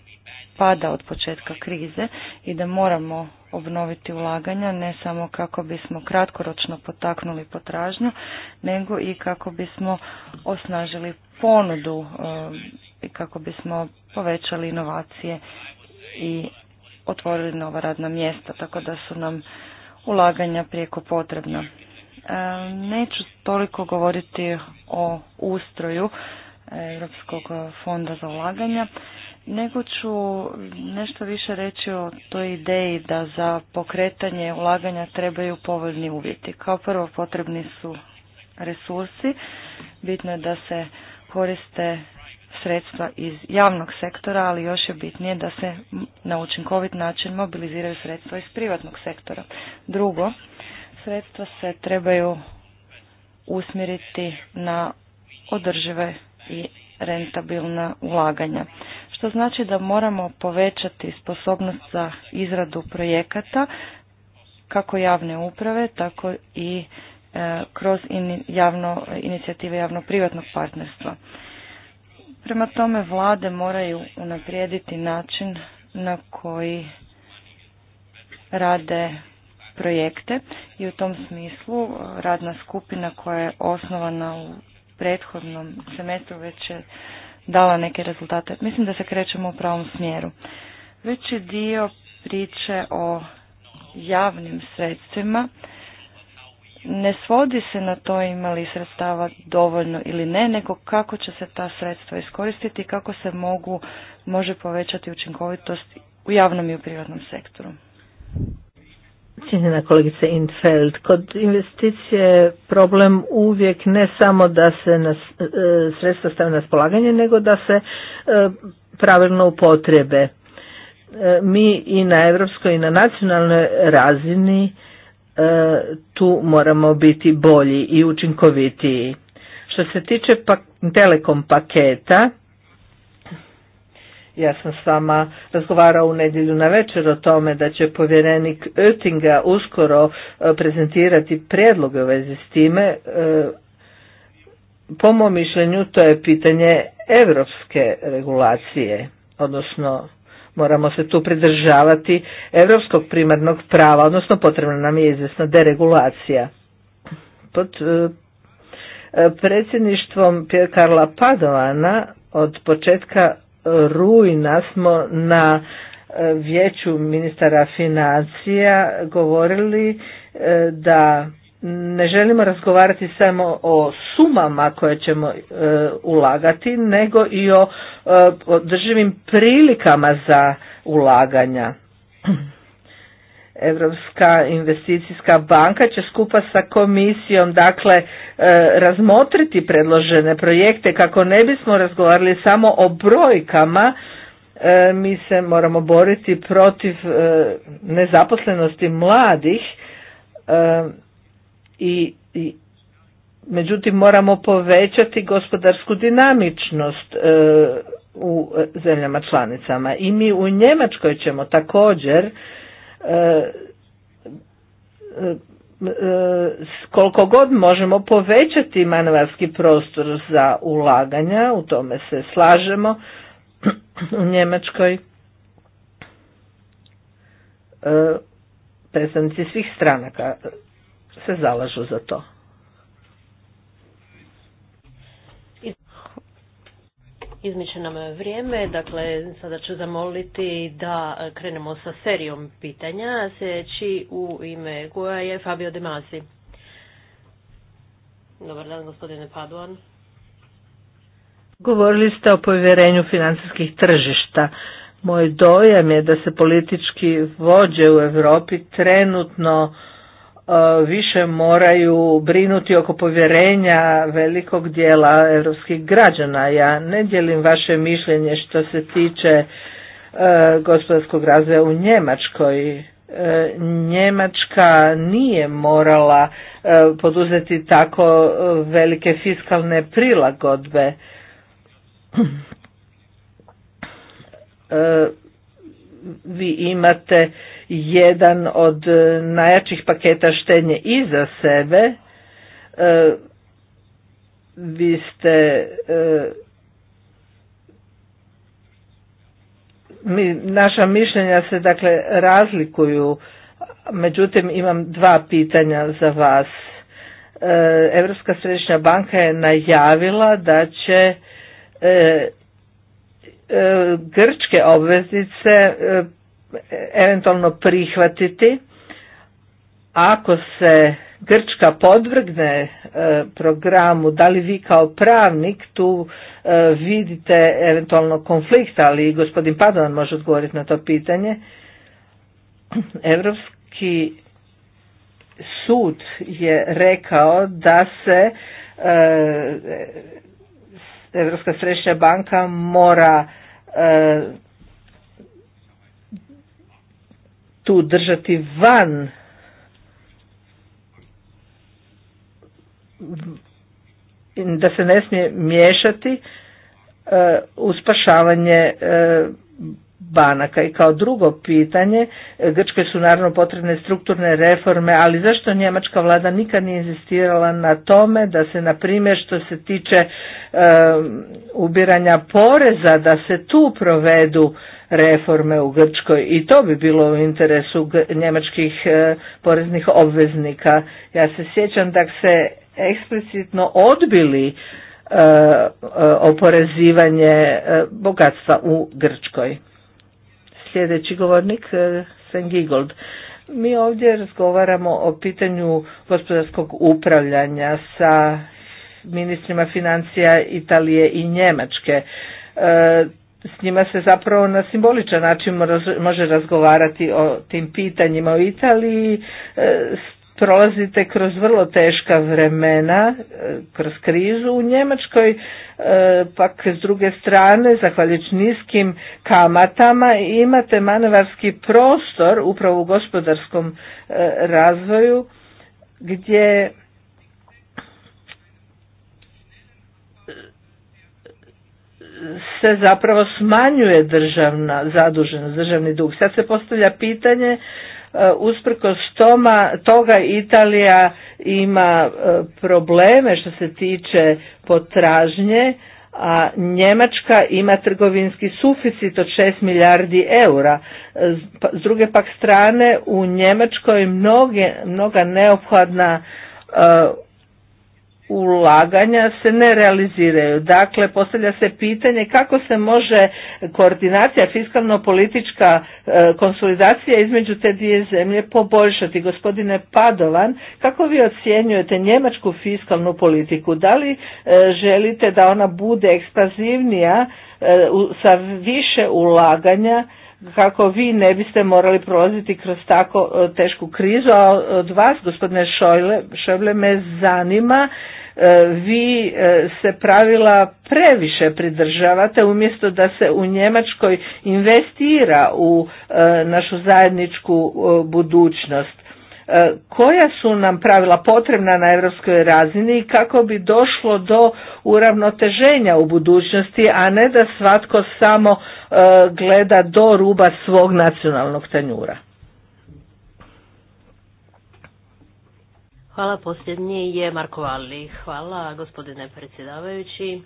Speaker 1: pada od početka krize i da moramo obnoviti ulaganja ne samo kako bismo kratkoročno potaknuli potražnju, nego i kako bismo osnažili ponudu um, i kako bismo povećali inovacije i otvorili nova radna mjesta, tako da su nam ulaganja prijeko potrebna. Um, neću toliko govoriti o ustroju eh, Europskog fonda za ulaganja nego ću nešto više reći o toj ideji da za pokretanje ulaganja trebaju povoljni uvjeti. Kao prvo potrebni su resursi, bitno je da se koriste sredstva iz javnog sektora, ali još je bitnije da se na učinkovit način mobiliziraju sredstva iz privatnog sektora. Drugo, sredstva se trebaju usmjeriti na održive i rentabilna ulaganja. To znači da moramo povećati sposobnost za izradu projekata kako javne uprave, tako i e, kroz javno, inicijative javno-privatnog partnerstva. Prema tome vlade moraju unaprijediti način na koji rade projekte i u tom smislu e, radna skupina koja je osnovana u prethodnom semestru već je dala neke rezultate. Mislim da se krećemo u pravom smjeru. Veći dio priče o javnim sredstvima ne svodi se na to imali li sredstava dovoljno ili ne, nego kako će se ta sredstva iskoristiti i kako se mogu, može povećati učinkovitost u javnom i u privatnom sektoru.
Speaker 3: Cijenjena kolegice Infeld, kod investicije problem uvijek ne samo da se e, sredstva stave na spolaganje, nego da se e, pravilno upotrebe. E, mi i na europskoj i na nacionalnoj razini tu moramo biti bolji i učinkovitiji. Što se tiče telekom paketa, ja sam s vama razgovarao u nedjelju na večer o tome da će povjerenik Oettinga uskoro e, prezentirati prijedloge u vezi s time. E, po mom mišljenju to je pitanje europske regulacije, odnosno moramo se tu pridržavati europskog primarnog prava, odnosno potrebna nam je izvjesna deregulacija. Pod e, predsjedništvom Karla Padovana od početka rujna smo na e, vijeću ministara financija govorili e, da ne želimo razgovarati samo o sumama koje ćemo e, ulagati nego i o održivim prilikama za ulaganja Europska investicijska banka će skupa sa komisijom dakle e, razmotriti predložene projekte kako ne bismo razgovarali samo o brojkama e, mi se moramo boriti protiv e, nezaposlenosti mladih i, i međutim moramo povećati gospodarsku dinamičnost u zemljama članicama i mi u Njemačkoj ćemo također koliko god možemo povećati manevarski prostor za ulaganja, u tome se slažemo u Njemačkoj e, predstavnici svih stranaka se zalažu za to.
Speaker 2: Izmiče nam vrijeme, dakle sada ću zamoliti da krenemo sa serijom pitanja. Sljedeći u ime koja je Fabio De Masi. Dobar dan gospodine Paduan.
Speaker 3: Govorili ste o povjerenju financijskih tržišta. Moj dojam je da se politički vođe u Europi trenutno E, više moraju brinuti oko povjerenja velikog dijela europskih građana. Ja ne dijelim vaše mišljenje što se tiče e, gospodarskog razvoja u Njemačkoj. E, Njemačka nije morala poduzeti tako velike fiskalne prilagodbe. Vi imate jedan od e, najjačih paketa štenje iza sebe. E, vi ste e, mi, naša mišljenja se dakle razlikuju međutim imam dva pitanja za vas Europska središnja banka je najavila da će grčke obveznice eventualno prihvatiti ako se Grčka podvrgne e, programu, da li vi kao pravnik tu e, vidite eventualno konflikt, ali i gospodin Padovan može odgovoriti na to pitanje. Europski sud je rekao da se Europska središnja banka mora e, tu držati van da se ne smije miješati eh, u spašavanje eh, banaka. I kao drugo pitanje, Grčkoj su naravno potrebne strukturne reforme, ali zašto njemačka vlada nikad nije insistirala na tome da se, na primjer, što se tiče ubiranja poreza, da se tu provedu reforme u Grčkoj i to bi bilo u interesu njemačkih e, poreznih obveznika. Ja se sjećam da se eksplicitno odbili e, e, oporezivanje bogatstva u Grčkoj sljedeći govornik, e, Sven Gigold. Mi ovdje razgovaramo o pitanju gospodarskog upravljanja sa ministrima financija Italije i Njemačke. E, s njima se zapravo na simboličan način može razgovarati o tim pitanjima u Italiji. E, prolazite kroz vrlo teška vremena, e, kroz krizu u Njemačkoj, e, pak s druge strane, zahvaljujući niskim kamatama, imate manevarski prostor upravo u gospodarskom e, razvoju gdje se zapravo smanjuje državna zaduženost, državni dug. Sad se postavlja pitanje Uh, usprkos toma, toga Italija ima uh, probleme što se tiče potražnje, a Njemačka ima trgovinski suficit od 6 milijardi eura. Pa, s druge pak strane u Njemačkoj mnoge, mnoga neophodna uh, ulaganja se ne realiziraju. Dakle, postavlja se pitanje kako se može koordinacija fiskalno-politička e, konsolidacija između te dvije zemlje poboljšati. Gospodine Padovan, kako vi ocjenjujete njemačku fiskalnu politiku? Da li e, želite da ona bude ekspanzivnija e, sa više ulaganja kako vi ne biste morali prolaziti kroz tako tešku krizu, a od vas, gospodine Šojle, Šojle me zanima E, vi e, se pravila previše pridržavate umjesto da se u Njemačkoj investira u e, našu zajedničku budućnost. Koja su nam pravila potrebna na europskoj razini i kako bi došlo do uravnoteženja u budućnosti, a ne da svatko samo gleda do ruba svog nacionalnog tanjura?
Speaker 2: Hvala, posljednji je Marko Ali. Hvala gospodine predsjedavajući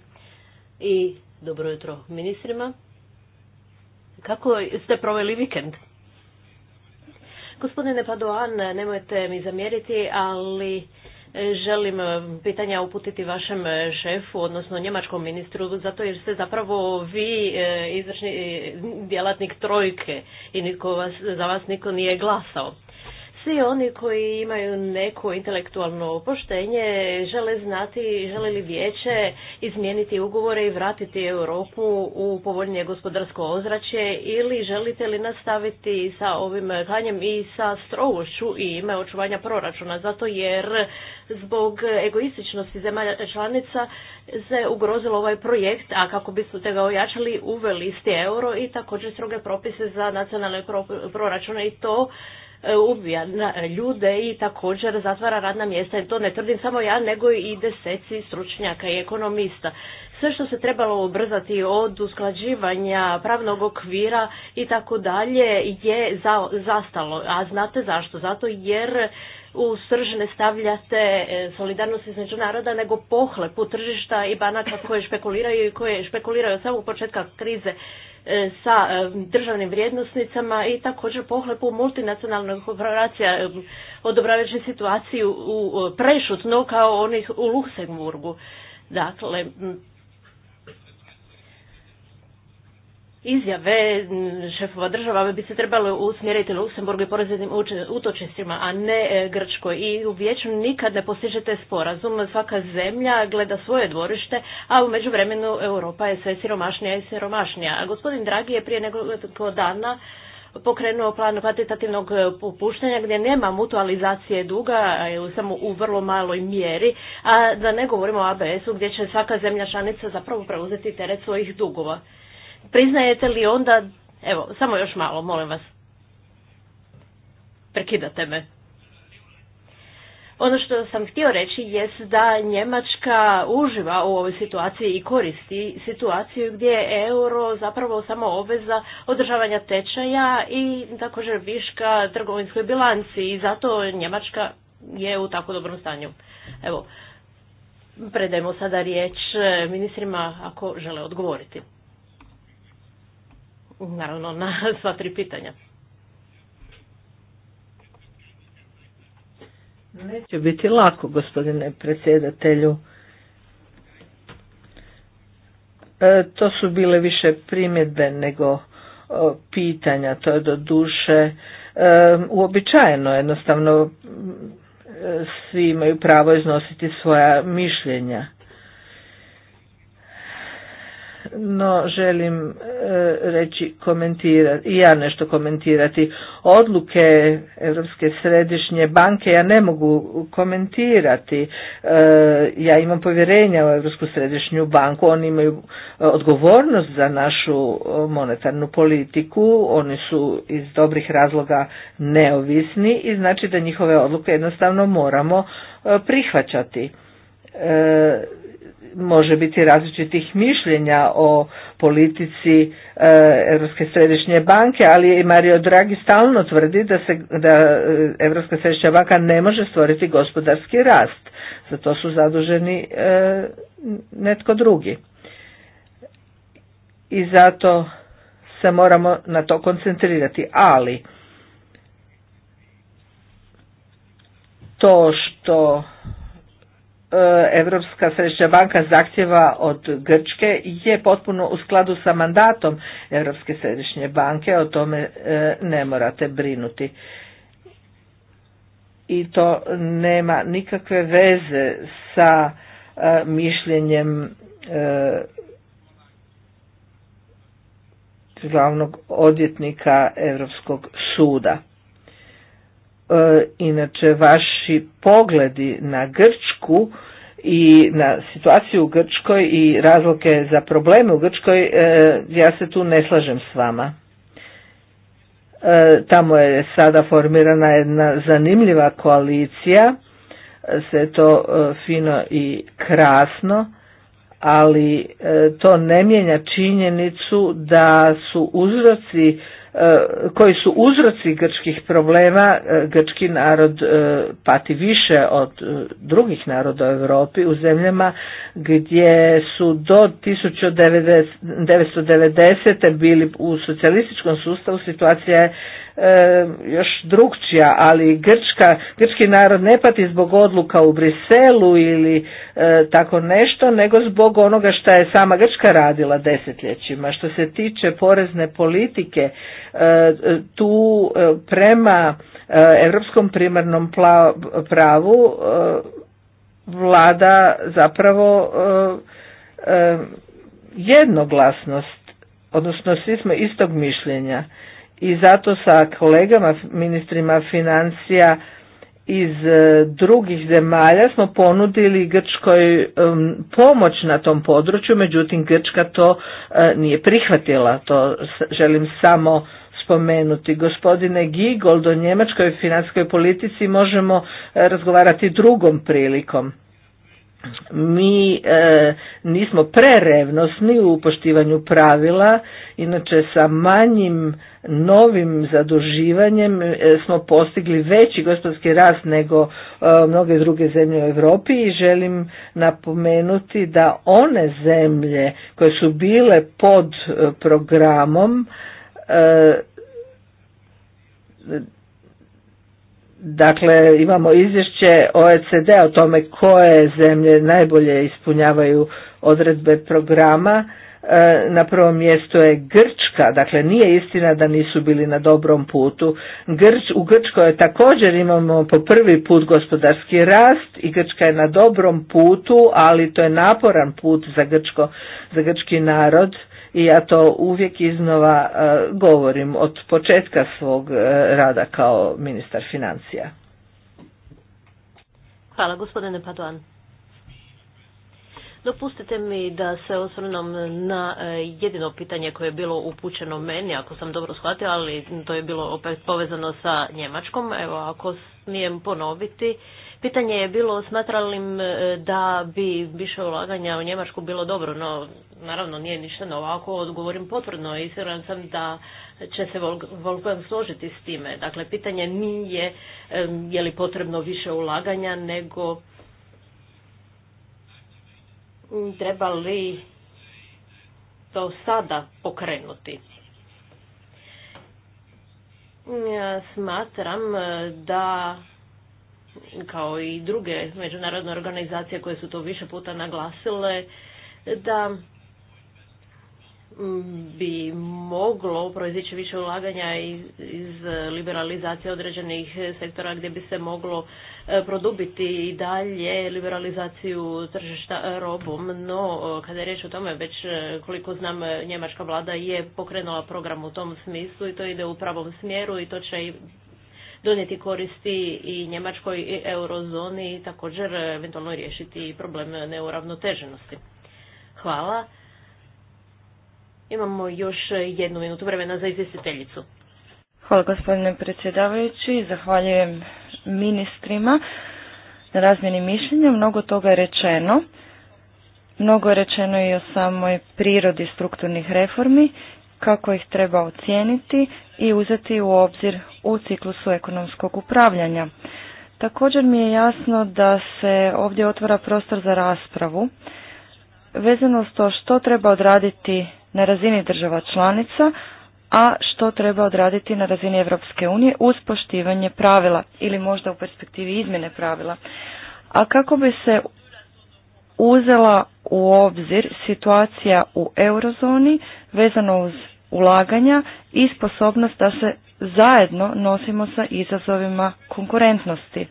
Speaker 2: i dobro jutro ministrima. Kako ste proveli vikend? Gospodine Padoan, nemojte mi zamjeriti, ali želim pitanja uputiti vašem šefu, odnosno njemačkom ministru, zato jer ste zapravo vi e, izvršni e, djelatnik trojke i nitko za vas niko nije glasao. Svi oni koji imaju neko intelektualno opoštenje, žele znati žele li vijeće izmijeniti ugovore i vratiti Europu u povoljnije gospodarsko ozračje ili želite li nastaviti sa ovim kanjem i sa strovošću i ime očuvanja proračuna zato jer zbog egoističnosti zemalja članica se ugrozilo ovaj projekt, a kako biste ga ojačali uveli ste euro i također stroge propise za nacionalne proračune i to E, ubija ljude i također zatvara radna mjesta. I to ne tvrdim samo ja, nego i deseci stručnjaka i ekonomista. Sve što se trebalo ubrzati od usklađivanja pravnog okvira i tako dalje je zastalo. A znate zašto? Zato jer u srž ne stavljate e, solidarnost između naroda, nego pohlepu tržišta i banaka koje špekuliraju i koje špekuliraju od samog početka krize e, sa e, državnim vrijednosnicama i također pohlepu multinacionalnih korporacija odobravajući situaciju u prešutno kao onih u Luksemburgu. Dakle, izjave šefova država bi se trebalo usmjeriti Luksemburgu i poreznim utočnicima, a ne e, Grčkoj. I u vijeću nikad ne postižete sporazum. Svaka zemlja gleda svoje dvorište, a u međuvremenu Europa je sve siromašnija i siromašnija. A gospodin Dragi je prije nekoliko dana pokrenuo plan kvantitativnog e, popuštanja gdje nema mutualizacije duga samo u vrlo maloj mjeri, a da ne govorimo o ABS-u gdje će svaka zemlja članica zapravo preuzeti teret svojih dugova priznajete li onda, evo, samo još malo, molim vas, prekidate me. Ono što sam htio reći jest da Njemačka uživa u ovoj situaciji i koristi situaciju gdje je euro zapravo samo obveza održavanja tečaja i također viška trgovinskoj bilanci i zato Njemačka je u tako dobrom stanju. Evo, predajmo sada riječ ministrima ako žele odgovoriti naravno na sva tri pitanja.
Speaker 3: Neće biti lako, gospodine predsjedatelju. E, to su bile više primjedbe nego e, pitanja, to je do duše e, uobičajeno, jednostavno svi imaju pravo iznositi svoja mišljenja no želim e, reći komentirati i ja nešto komentirati odluke Europske središnje banke ja ne mogu komentirati e, ja imam povjerenja u Europsku središnju banku oni imaju e, odgovornost za našu monetarnu politiku oni su iz dobrih razloga neovisni i znači da njihove odluke jednostavno moramo prihvaćati može biti različitih mišljenja o politici e, Europske središnje banke, ali i Mario Draghi stalno tvrdi da se da e, Europska središnja banka ne može stvoriti gospodarski rast. Za to su zaduženi e, netko drugi. I zato se moramo na to koncentrirati, ali to što Europska središnja banka zahtjeva od Grčke je potpuno u skladu sa mandatom Europske središnje banke, o tome e, ne morate brinuti. I to nema nikakve veze sa e, mišljenjem e, glavnog odvjetnika Europskog suda. E, inače vaši pogledi na Grčku i na situaciju u Grčkoj i razloge za probleme u Grčkoj, e, ja se tu ne slažem s vama. E, tamo je sada formirana jedna zanimljiva koalicija, sve to fino i krasno, ali to ne mijenja činjenicu da su uzroci koji su uzroci grčkih problema, e, grčki narod e, pati više od e, drugih naroda u Europi u zemljama gdje su do 1990. bili u socijalističkom sustavu situacija je E, još drukčija, ali Grčka, grčki narod ne pati zbog odluka u Briselu ili e, tako nešto, nego zbog onoga što je sama Grčka radila desetljećima. Što se tiče porezne politike, e, tu prema europskom primarnom pravu vlada zapravo jednoglasnost, odnosno svi smo istog mišljenja i zato sa kolegama ministrima financija iz e, drugih zemalja smo ponudili Grčkoj pomoć na tom području, međutim Grčka to e, nije prihvatila, to želim samo spomenuti. Gospodine Gigold, o njemačkoj financijskoj politici možemo e, razgovarati drugom prilikom. Mi nismo prerevnosni u poštivanju pravila, inače sa manjim novim zaduživanjem e, smo postigli veći gospodarski rast nego e, mnoge druge zemlje u Europi i želim napomenuti da one zemlje koje su bile pod e, programom Dakle, imamo izvješće OECD o tome koje zemlje najbolje ispunjavaju odredbe programa E, na prvom mjestu je Grčka, dakle nije istina da nisu bili na dobrom putu. Grč, u Grčkoj također imamo po prvi put gospodarski rast i Grčka je na dobrom putu, ali to je naporan put za, Grčko, za grčki narod i ja to uvijek iznova e, govorim od početka svog e, rada kao ministar financija.
Speaker 2: Hvala gospodine Padoan. Dopustite mi da se osvrnem na e, jedino pitanje koje je bilo upućeno meni, ako sam dobro shvatila, ali to je bilo opet povezano sa Njemačkom. Evo, ako smijem ponoviti, pitanje je bilo smatralim e, da bi više ulaganja u Njemačku bilo dobro, no naravno nije ništa novo. Ako odgovorim potvrdno i siguran sam da će se Volkan složiti s time. Dakle, pitanje nije e, je li potrebno više ulaganja, nego trebali to sada pokrenuti. Ja smatram da kao i druge međunarodne organizacije koje su to više puta naglasile, da bi moglo proizići više ulaganja iz, iz liberalizacije određenih sektora gdje bi se moglo E, produbiti i dalje liberalizaciju tržišta robom, no e, kada je riječ o tome, već e, koliko znam njemačka vlada je pokrenula program u tom smislu i to ide u pravom smjeru i to će i donijeti koristi i Njemačkoj i eurozoni i također eventualno riješiti problem neuravnoteženosti. Hvala. Imamo još jednu minutu vremena za izvjestiteljicu.
Speaker 1: Hvala gospodine predsjedavajući. Zahvaljujem ministrima na razmjeni mišljenja. Mnogo toga je rečeno. Mnogo je rečeno i o samoj prirodi strukturnih reformi, kako ih treba ocijeniti i uzeti u obzir u ciklusu ekonomskog upravljanja. Također mi je jasno da se ovdje otvara prostor za raspravu vezano s to što treba odraditi na razini država članica, a što treba odraditi na razini Europske unije uz poštivanje pravila ili možda u perspektivi izmjene pravila. A kako bi se uzela u obzir situacija u eurozoni vezano uz ulaganja i sposobnost da se zajedno nosimo sa izazovima konkurentnosti.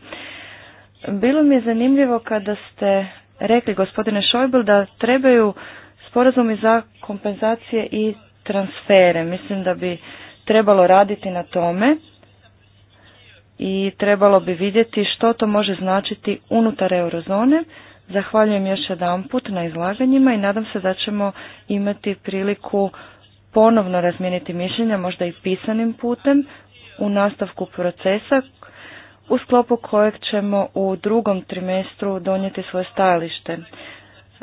Speaker 1: Bilo mi je zanimljivo kada ste rekli gospodine Šojbel da trebaju sporazumi za kompenzacije i transfere. Mislim da bi trebalo raditi na tome i trebalo bi vidjeti što to može značiti unutar eurozone. Zahvaljujem još jedan put na izlaganjima i nadam se da ćemo imati priliku ponovno razmijeniti mišljenja, možda i pisanim putem, u nastavku procesa u sklopu kojeg ćemo u drugom trimestru donijeti svoje stajalište.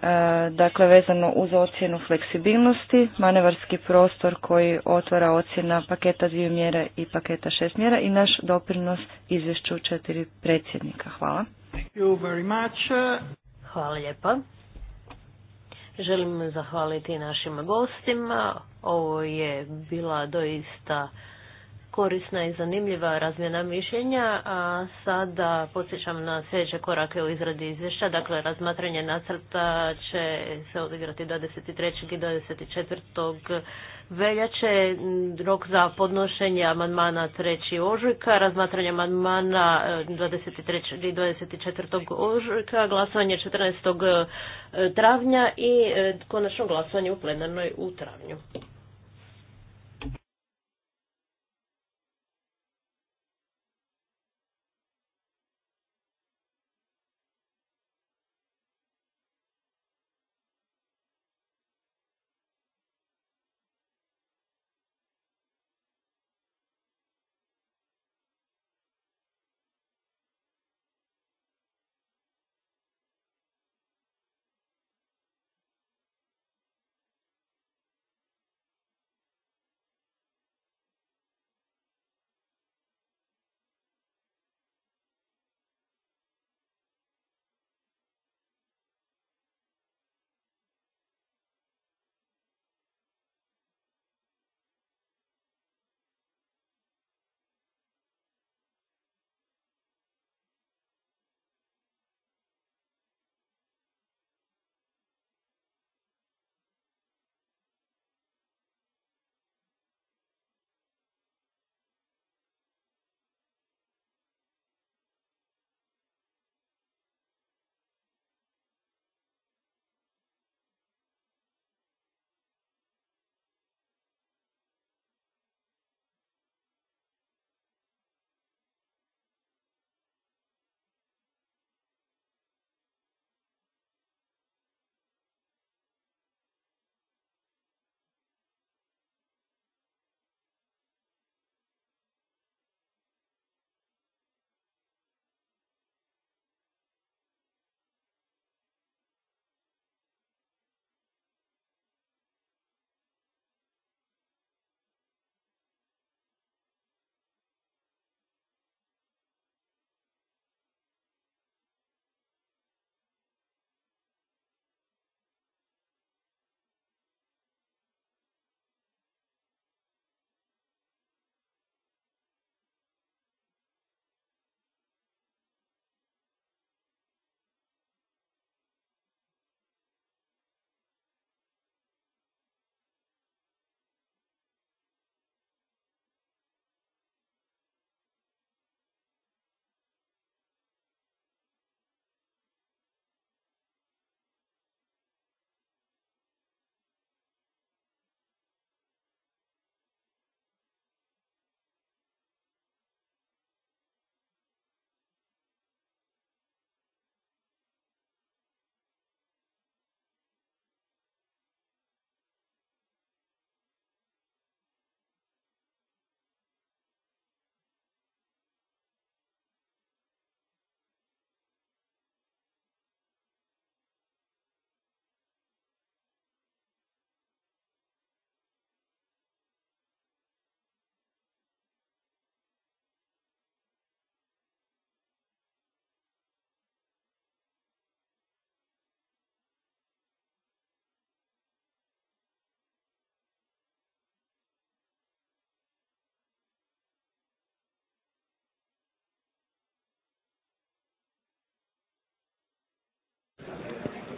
Speaker 1: E, dakle vezano uz ocjenu fleksibilnosti, manevarski prostor koji otvara ocjena paketa dvije mjere i paketa šest mjera i naš doprinos izvješću četiri predsjednika. Hvala.
Speaker 2: Hvala lijepa. Želim zahvaliti našim gostima. Ovo je bila doista korisna i zanimljiva razmjena mišljenja, a sada podsjećam na sljedeće korake u izradi izvješća, dakle razmatranje nacrta će se odigrati 23. i 24. veljače, rok za podnošenje amandmana 3. ožujka, razmatranje amandmana 23. E, i 24. ožujka, glasovanje 14. E, travnja i e, konačno glasovanje u plenarnoj u travnju.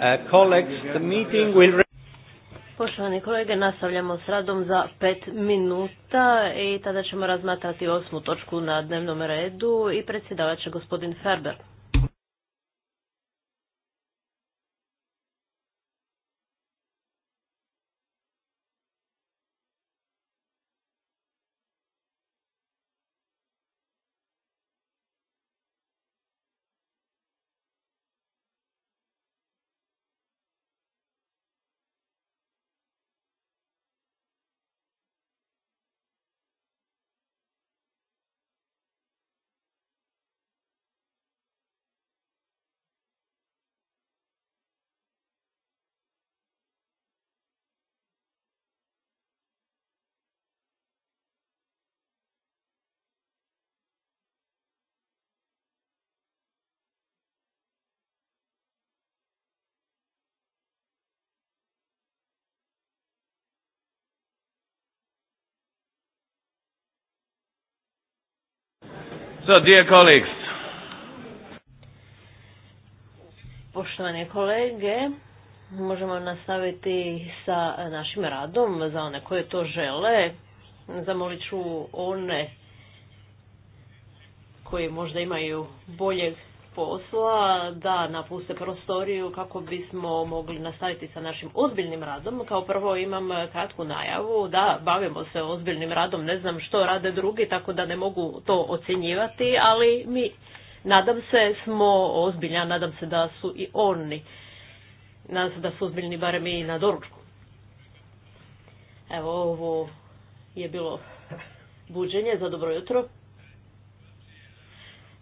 Speaker 3: Uh,
Speaker 2: Poštovani kolege, nastavljamo s radom za pet minuta i tada ćemo razmatrati osmu točku na dnevnom redu i predsjedavat će gospodin Ferber. So, dear Poštovane kolege, možemo nastaviti sa našim radom za one koje to žele. Zamolit ću one koji možda imaju boljeg posla da napuste prostoriju kako bismo mogli nastaviti sa našim ozbiljnim radom. Kao prvo imam kratku najavu da bavimo se ozbiljnim radom, ne znam što rade drugi, tako da ne mogu to ocjenjivati, ali mi nadam se smo ozbiljni, nadam se da su i oni. Nadam se da su ozbiljni barem i na doručku. Evo ovo je bilo buđenje za dobro jutro.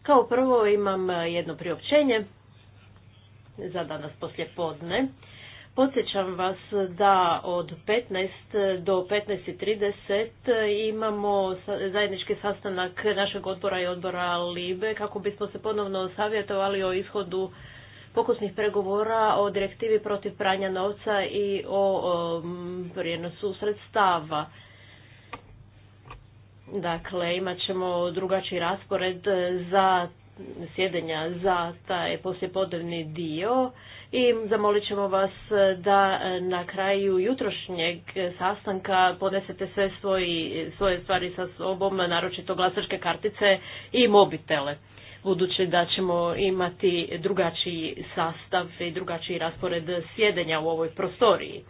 Speaker 2: Kao prvo imam e, jedno priopćenje za danas poslje podne. Podsjećam vas da od 15 do 15.30 imamo zajednički sastanak našeg odbora i odbora LIBE kako bismo se ponovno savjetovali o ishodu pokusnih pregovora o direktivi protiv pranja novca i o prijenosu sredstava. Dakle, imat ćemo drugačiji raspored e, za sjedenja za taj poslijepodnevni dio i zamolit ćemo vas e, da e, na kraju jutrošnjeg sastanka podnesete sve svoje stvari sa sobom, naročito glasačke kartice i mobitele, budući da ćemo imati drugačiji sastav i drugačiji raspored sjedenja u ovoj prostoriji.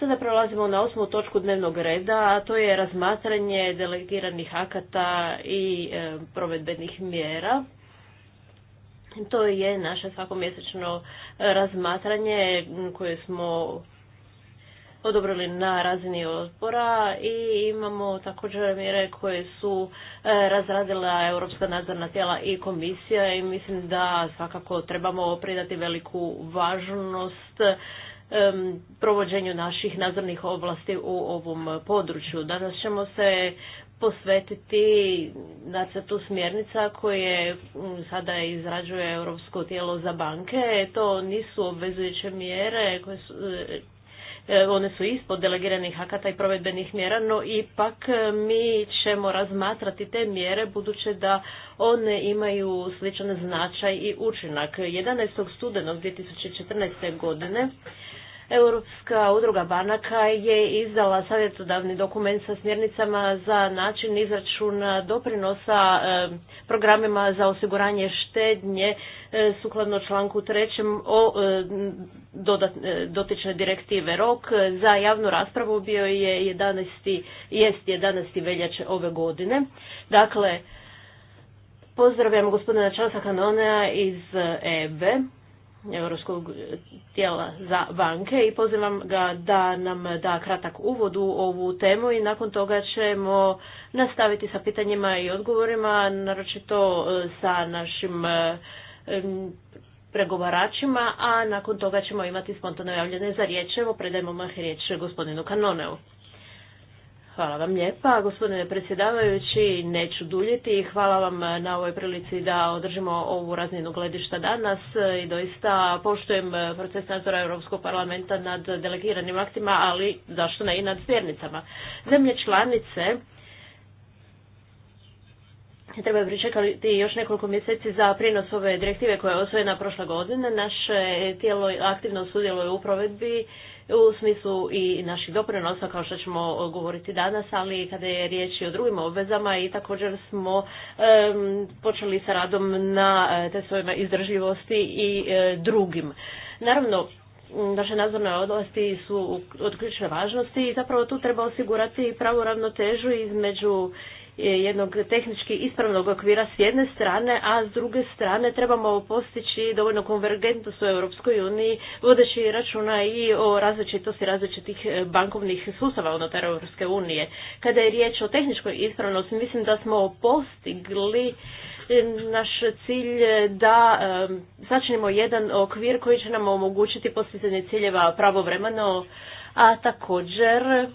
Speaker 2: Sada prelazimo na osmu točku dnevnog reda, a to je razmatranje delegiranih akata i e, provedbenih mjera. To je naše svakomjesečno razmatranje koje smo odobrili na razini odbora i imamo također mjere koje su e, razradila Europska nadzorna tijela i komisija i mislim da svakako trebamo pridati veliku važnost provođenju naših nadzornih oblasti u ovom području. Danas ćemo se posvetiti nacrtu smjernica koje mm, sada izrađuje Europsko tijelo za banke. To nisu obvezujuće mjere koje su e, e, one su ispod delegiranih akata i provedbenih mjera, no ipak e, mi ćemo razmatrati te mjere budući da one imaju sličan značaj i učinak. 11. studenog 2014. godine Europska udruga banaka je izdala savjetodavni dokument sa smjernicama za način izračuna doprinosa e, programima za osiguranje štednje e, sukladno članku trećem o e, dotične direktive. Rok za javnu raspravu bio je 11. jest 11. veljače ove godine. Dakle, pozdravljam gospodina Časa Kanonea iz EBE. Europskog e, tijela za banke i pozivam ga da nam da kratak uvod u ovu temu i nakon toga ćemo nastaviti sa pitanjima i odgovorima, naročito e, sa našim e, pregovaračima, a nakon toga ćemo imati spontano javljene za riječ. Evo predajmo mah riječ gospodinu Kanoneu. Hvala vam lijepa, gospodine predsjedavajući, neću duljiti. Hvala vam na ovoj prilici da održimo ovu razinu gledišta danas i doista poštujem proces nadzora Europskog parlamenta nad delegiranim aktima, ali zašto ne i nad smjernicama. Zemlje članice treba pričekati još nekoliko mjeseci za prinos ove direktive koja je osvojena prošle godine. Naše tijelo aktivno sudjeluje u provedbi u smislu i naših doprinosa kao što ćemo e, govoriti danas, ali kada je riječ i o drugim obvezama i također smo počeli sa radom na e, te svojima izdržljivosti i e, drugim. Naravno, naše nadzorne odlasti su od ključne važnosti i zapravo tu treba osigurati pravu ravnotežu između jednog tehnički ispravnog okvira s jedne strane, a s druge strane trebamo postići dovoljno konvergentnost u Europskoj uniji, vodeći računa i o različitosti različitih e, bankovnih sustava unutar Europske unije. Kada je riječ o tehničkoj ispravnosti, mislim da smo postigli e, naš cilj da e, sačinimo jedan okvir koji će nam omogućiti postizanje ciljeva pravovremeno, a također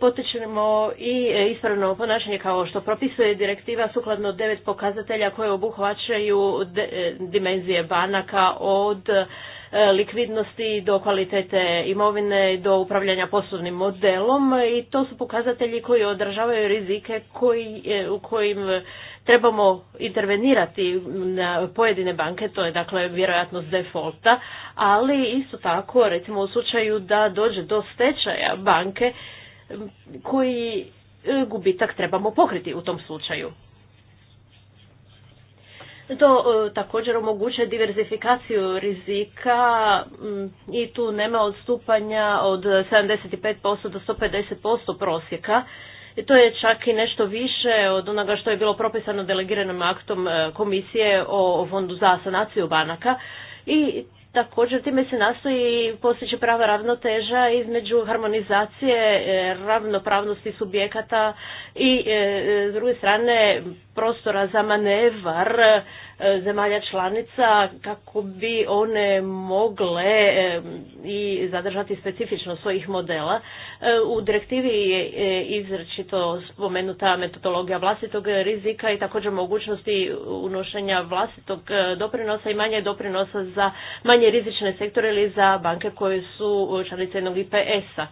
Speaker 2: potičemo i ispravno ponašanje kao što propisuje direktiva sukladno devet pokazatelja koje obuhvaćaju e, dimenzije banaka od e, likvidnosti do kvalitete imovine do upravljanja poslovnim modelom i to su pokazatelji koji održavaju rizike koji, e, u kojim trebamo intervenirati na pojedine banke, to je dakle vjerojatnost defolta, ali isto tako recimo u slučaju da dođe do stečaja banke koji e, gubitak trebamo pokriti u tom slučaju. To e, također omogućuje diverzifikaciju rizika i tu nema odstupanja od 75% do 150% prosjeka. I to je čak i nešto više od onoga što je bilo propisano delegiranim aktom e, komisije o fondu za sanaciju banaka i Također time se nastoji postići prava ravnoteža između harmonizacije e, ravnopravnosti subjekata i e, e, s druge strane prostora za manevar E, zemalja članica kako bi one mogle e, i zadržati specifičnost svojih modela. E, u direktivi je izračito spomenuta metodologija vlastitog rizika i također mogućnosti unošenja vlastitog doprinosa i manje doprinosa za manje rizične sektore ili za banke koje su članice jednog IPS-a.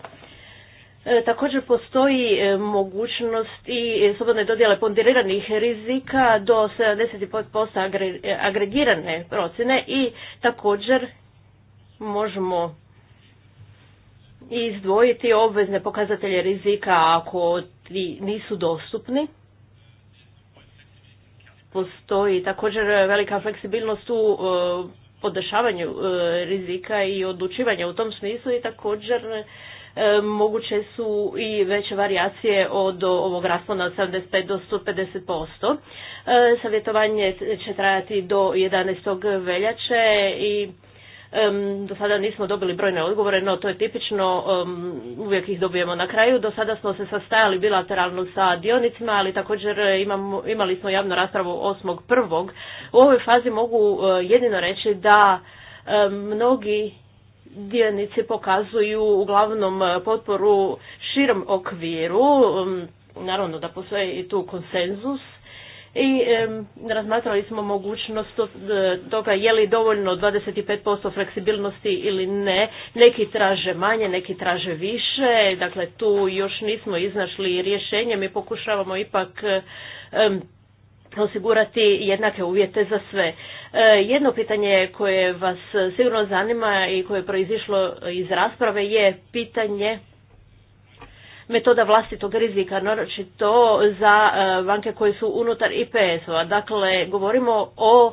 Speaker 2: E, također postoji e, mogućnost i e, slobodne dodjele ponderiranih rizika do 75% agregirane procjene i također možemo izdvojiti obvezne pokazatelje rizika ako ti nisu dostupni. Postoji također velika fleksibilnost u podešavanju rizika i odlučivanja u tom smislu i također E, moguće su i veće varijacije od ovog raspona od 75 do 150%. E, savjetovanje će trajati do 11. veljače i do sada nismo dobili brojne odgovore, no to je tipično, uvijek ih dobijemo na kraju. Do sada smo se sastajali bilateralno sa dionicima, ali također imali smo javnu raspravu 8.1. U ovoj fazi mogu e, jedino reći da mnogi dionici pokazuju uglavnom e, potporu širom okviru, mm, naravno da postoji i tu konsenzus, i razmatrali smo mogućnost e, toga je li dovoljno 25% fleksibilnosti ili ne. Neki traže manje, neki traže više, dakle tu još nismo iznašli rješenje, mi pokušavamo ipak osigurati jednake uvjete za sve. E, jedno pitanje koje vas sigurno zanima i koje je proizišlo iz rasprave je pitanje metoda vlastitog rizika, naročito za e, banke koje su unutar IPS-ova. Dakle, govorimo o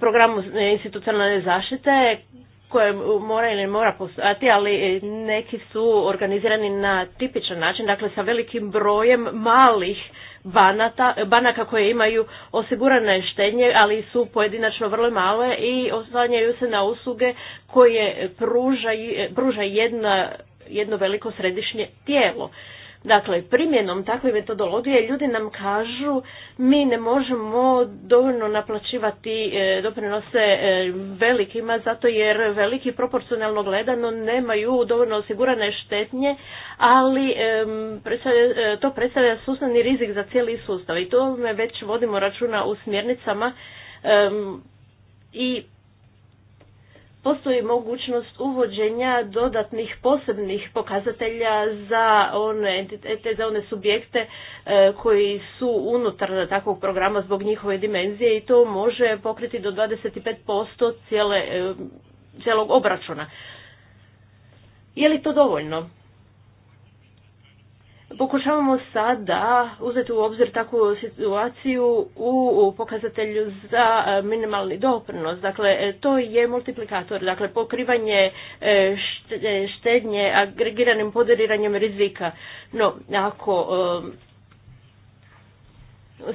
Speaker 2: programu institucionalne zaštite koje mora ili mora postojati, ali neki su organizirani na tipičan način, dakle sa velikim brojem malih banata, banaka koje imaju osigurane štednje, ali su pojedinačno vrlo male i oslanjaju se na usluge koje pruža, pruža jedna, jedno veliko središnje tijelo. Dakle, primjenom takve metodologije ljudi nam kažu mi ne možemo dovoljno naplaćivati e, doprinose e, velikima zato jer veliki proporcionalno gledano nemaju dovoljno osigurane štetnje, ali e, to predstavlja sustavni rizik za cijeli sustav i to me već vodimo računa u smjernicama i postoji mogućnost uvođenja dodatnih posebnih pokazatelja za one entitete, za one subjekte e, koji su unutar takvog programa zbog njihove dimenzije i to može pokriti do 25% cijele, e, cijelog obračuna. Je li to dovoljno? pokušavamo sada uzeti u obzir takvu situaciju u pokazatelju za e, minimalni doprinos. Dakle, e, to je multiplikator, dakle pokrivanje e, štednje agregiranim poderiranjem rizika. No, ako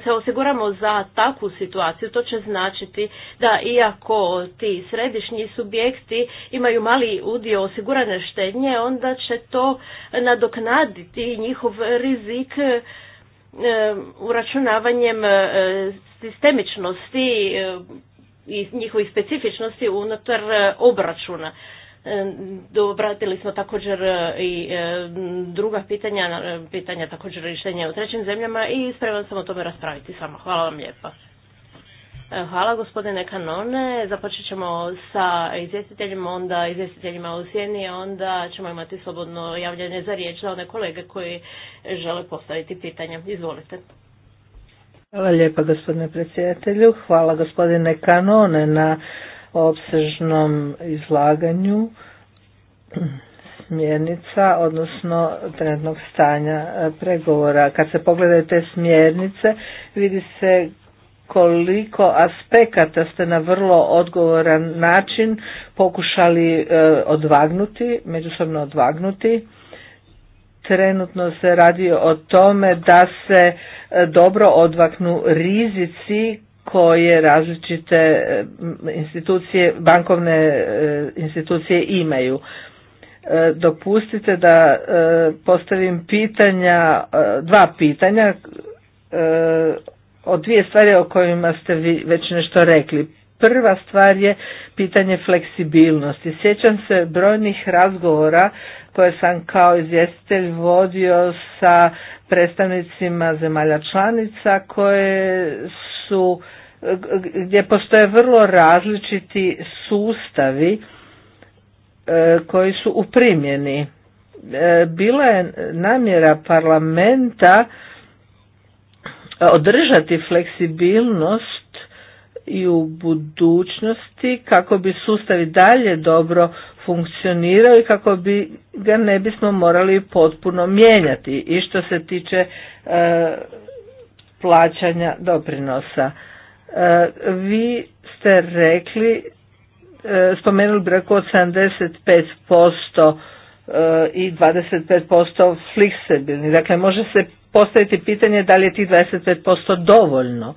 Speaker 2: se osiguramo za takvu situaciju, to će značiti da iako ti središnji subjekti imaju mali udio osigurane štednje, onda će to nadoknaditi njihov rizik e, uračunavanjem e, sistemičnosti e, i njihovih specifičnosti unutar obračuna. Obratili smo također e, i e, druga pitanja, e, pitanja također rješenja u trećim zemljama i spreman sam o tome raspraviti s Hvala vam lijepa. Hvala gospodine Kanone. Započet ćemo sa izvjestiteljima, onda izvjestiteljima u sjeni, onda ćemo imati slobodno javljanje za riječ za one kolege koji žele postaviti pitanja. Izvolite.
Speaker 3: Hvala lijepa gospodine predsjedatelju. Hvala gospodine Kanone na opsežnom izlaganju smjernica, odnosno trenutnog stanja e, pregovora. Kad se pogledaju te smjernice, vidi se koliko aspekata ste na vrlo odgovoran način pokušali e, odvagnuti, međusobno odvagnuti. Trenutno se radi o tome da se e, dobro odvaknu rizici koje različite e, institucije, bankovne e, institucije imaju. E, dopustite da postavim pitanja, dva pitanja o dvije stvari o kojima ste vi već nešto rekli. Prva stvar je pitanje fleksibilnosti. Sjećam se brojnih razgovora koje sam kao izvjestitelj vodio sa predstavnicima zemalja članica koje su gdje postoje vrlo različiti sustavi e, koji su u primjeni. E, bila je namjera parlamenta e, održati fleksibilnost i u budućnosti kako bi sustavi dalje dobro funkcionirao i kako bi ga ne bismo morali potpuno mijenjati i što se tiče plaćanja doprinosa. Vi ste rekli, e, spomenuli broj od 75% e, i 25% fleksibilni. Dakle, može se postaviti pitanje da li je tih 25% dovoljno.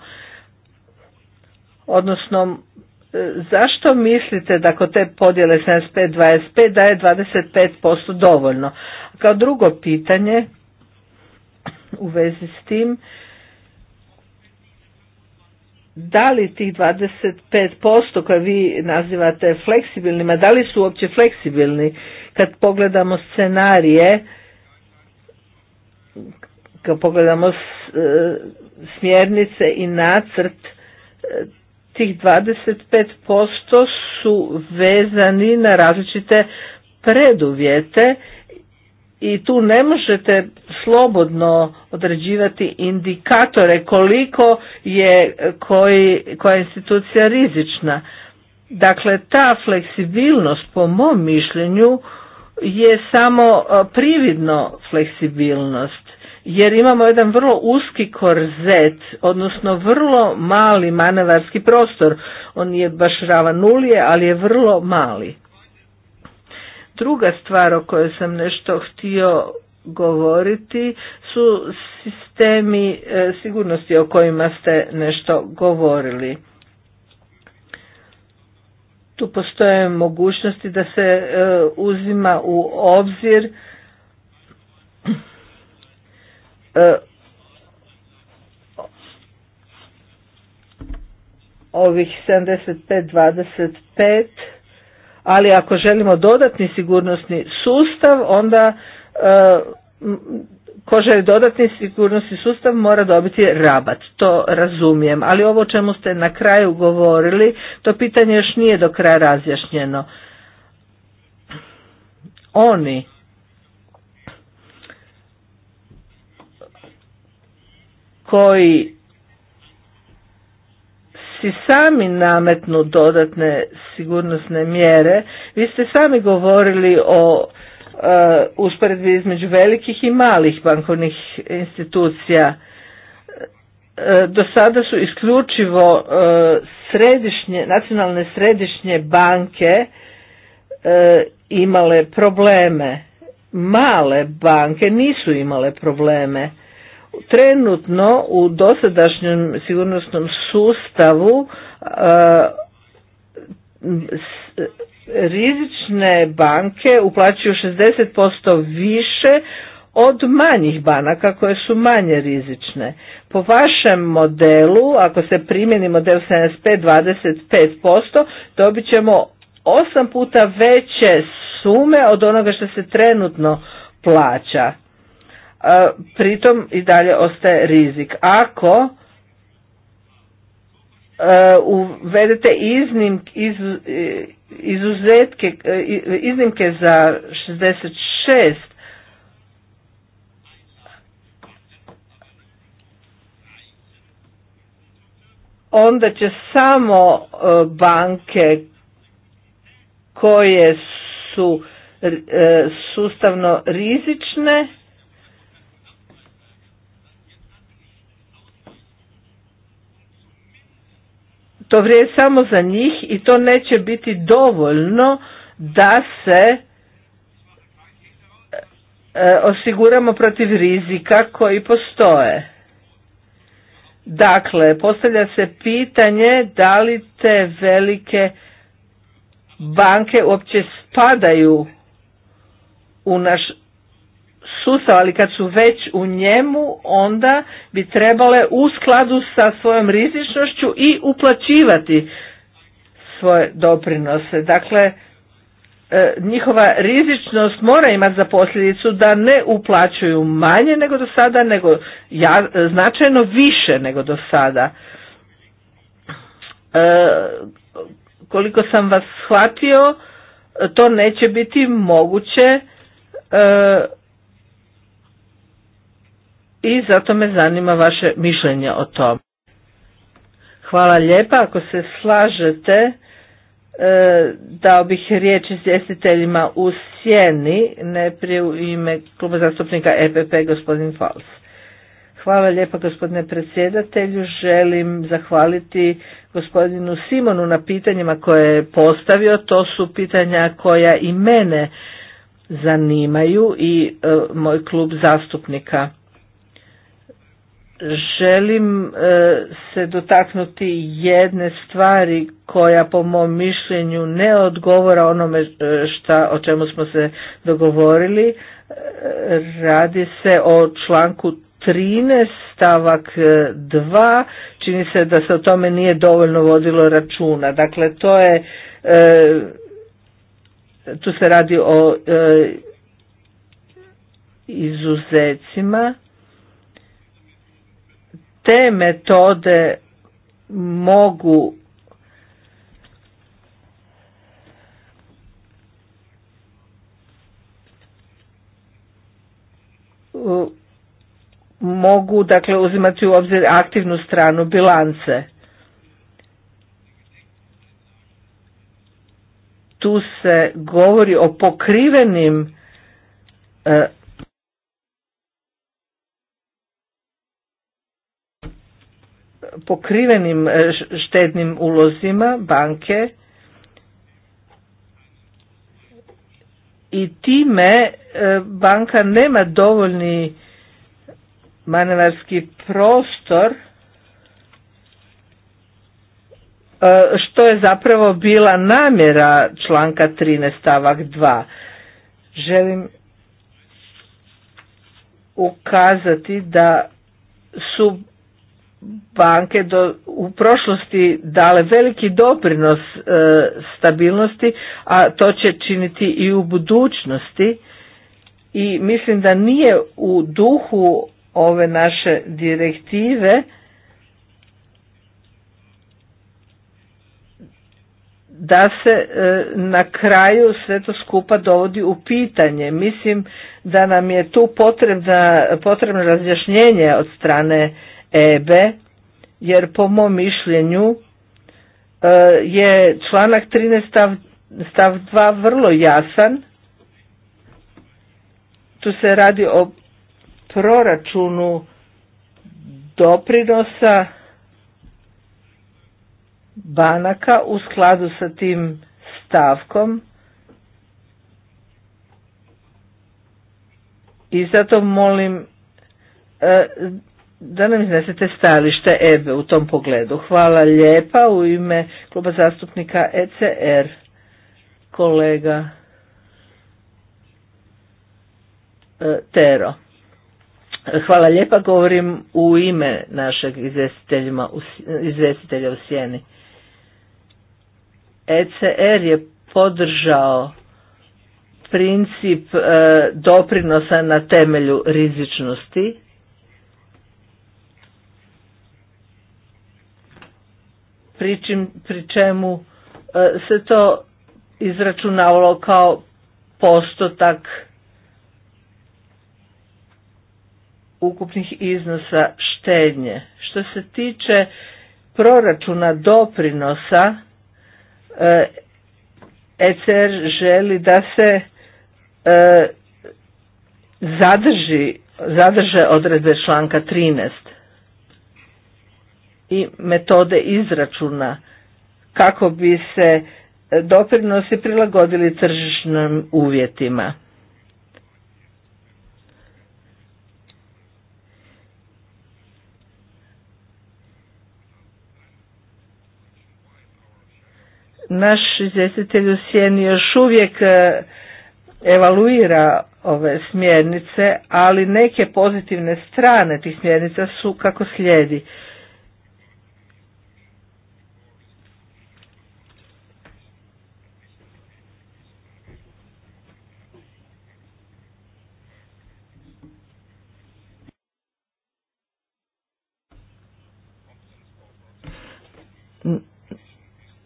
Speaker 3: Odnosno, e, zašto mislite da kod te podjele 75-25 da je 25% dovoljno? Kao drugo pitanje u vezi s tim, da li tih 25% koje vi nazivate fleksibilnima, da li su uopće fleksibilni kad pogledamo scenarije, kad pogledamo e, smjernice i nacrt, e, tih 25% su vezani na različite preduvjete i tu ne možete slobodno određivati indikatore koliko je koji, koja institucija rizična. Dakle, ta fleksibilnost po mom mišljenju je samo prividno fleksibilnost jer imamo jedan vrlo uski korzet, odnosno vrlo mali manevarski prostor. On je baš rava nulije, ali je vrlo mali. Druga stvar o kojoj sam nešto htio govoriti su sistemi e, sigurnosti o kojima ste nešto govorili. Tu postoje mogućnosti da se e, uzima u obzir e, ovih 75-25 ali ako želimo dodatni sigurnosni sustav onda e, ko želi dodatni sigurnosni sustav mora dobiti rabat, to razumijem, ali ovo o čemu ste na kraju govorili, to pitanje još nije do kraja razjašnjeno. Oni koji si sami nametnu dodatne sigurnosne mjere. Vi ste sami govorili o e, usporedbi između velikih i malih bankovnih institucija. E, do sada su isključivo e, središnje, nacionalne središnje banke imale probleme. Male banke nisu imale probleme trenutno u dosadašnjem sigurnosnom sustavu e, rizične banke uplaćuju 60% više od manjih banaka koje su manje rizične. Po vašem modelu, ako se primjeni model 75-25%, dobit ćemo 8 puta veće sume od onoga što se trenutno plaća pritom i dalje ostaje rizik. Ako e, uvedete iznim, iz, e, izuzetke, e, iznimke za 66 onda će samo banke koje su sustavno rizične to vrijed samo za njih i to neće biti dovoljno da se e, osiguramo protiv rizika koji postoje. Dakle, postavlja se pitanje da li te velike banke uopće spadaju u naš sustav, ali kad su već u njemu, onda bi trebale u skladu sa svojom rizičnošću i uplaćivati svoje doprinose. Dakle, e, njihova rizičnost mora imati za posljedicu da ne uplaćuju manje nego do sada, nego značajno više nego do sada. E, koliko sam vas shvatio, to neće biti moguće e, i zato me zanima vaše mišljenje o tom. Hvala lijepa, ako se slažete e, dao bih riječ izvjestiteljima u sjeni, ne prije u ime kluba zastupnika EPP gospodin Fals. Hvala lijepa gospodine predsjedatelju, želim zahvaliti gospodinu Simonu na pitanjima koje je postavio, to su pitanja koja i mene zanimaju i e, moj klub zastupnika želim e, se dotaknuti jedne stvari koja po mom mišljenju ne odgovara onome e, šta, o čemu smo se dogovorili. E, radi se o članku 13 stavak 2. Čini se da se o tome nije dovoljno vodilo računa. Dakle, to je, tu se radi o izuzecima te metode mogu mogu dakle uzimati u obzir aktivnu stranu bilance. Tu se govori o pokrivenim e, pokrivenim e, štednim ulozima banke i time e, banka nema dovoljni manevarski prostor e, što je zapravo bila namjera članka 13 stavak 2. Želim ukazati da su banke do, u prošlosti dale veliki doprinos e, stabilnosti, a to će činiti i u budućnosti i mislim da nije u duhu ove naše direktive da se e, na kraju sve to skupa dovodi u pitanje. Mislim da nam je tu potrebna, potrebno razjašnjenje od strane EBE, jer po mom mišljenju e, je članak 13 stav, stav 2 vrlo jasan. Tu se radi o proračunu doprinosa banaka u skladu sa tim stavkom i zato molim e, da nam iznesete stajalište EBE u tom pogledu. Hvala lijepa u ime kluba zastupnika ECR. Kolega e, Tero. Hvala lijepa, govorim u ime našeg izvestitelja u Sjeni. ECR je podržao princip e, doprinosa na temelju rizičnosti pričim, pri čemu e, se to izračunavalo kao postotak ukupnih iznosa štednje. Što se tiče proračuna doprinosa, e, ECR želi da se e, zadrži, zadrže odredbe članka 13 i metode izračuna kako bi se e, doprinosi prilagodili tržišnim uvjetima. Naš izvjestitelj u Sjeni još uvijek e, evaluira ove smjernice, ali neke pozitivne strane tih smjernica su kako slijedi.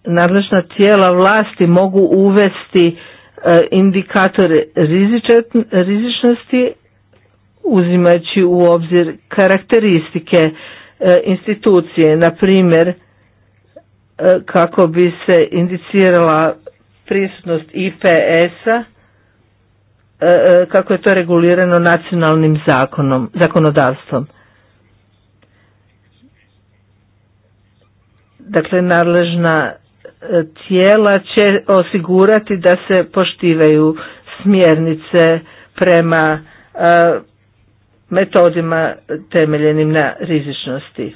Speaker 3: nadležna tijela vlasti mogu uvesti e, indikatore rizičnosti uzimajući u obzir karakteristike e, institucije, na primjer e, kako bi se indicirala prisutnost IPS-a kako je to regulirano nacionalnim zakonom, zakonodavstvom. Dakle, nadležna tijela će osigurati da se poštivaju smjernice prema e, metodima temeljenim na rizičnosti.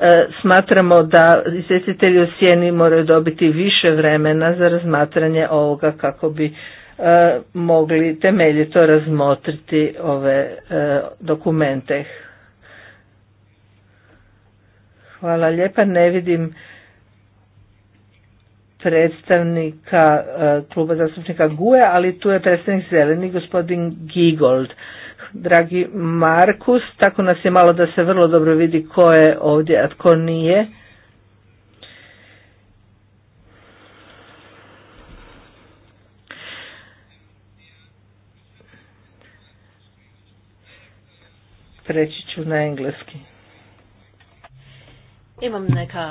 Speaker 3: E, smatramo da izvjestitelji u sjeni moraju dobiti više vremena za razmatranje ovoga kako bi e, mogli temeljito razmotriti ove dokumente. Hvala lijepa. Ne vidim predstavnika e, kluba zastupnika GUE, ali tu je predstavnik zeleni, gospodin Gigold. Dragi Markus, tako nas je malo da se vrlo dobro vidi ko je ovdje, a tko nije. Preći ću na engleski.
Speaker 2: Imam neka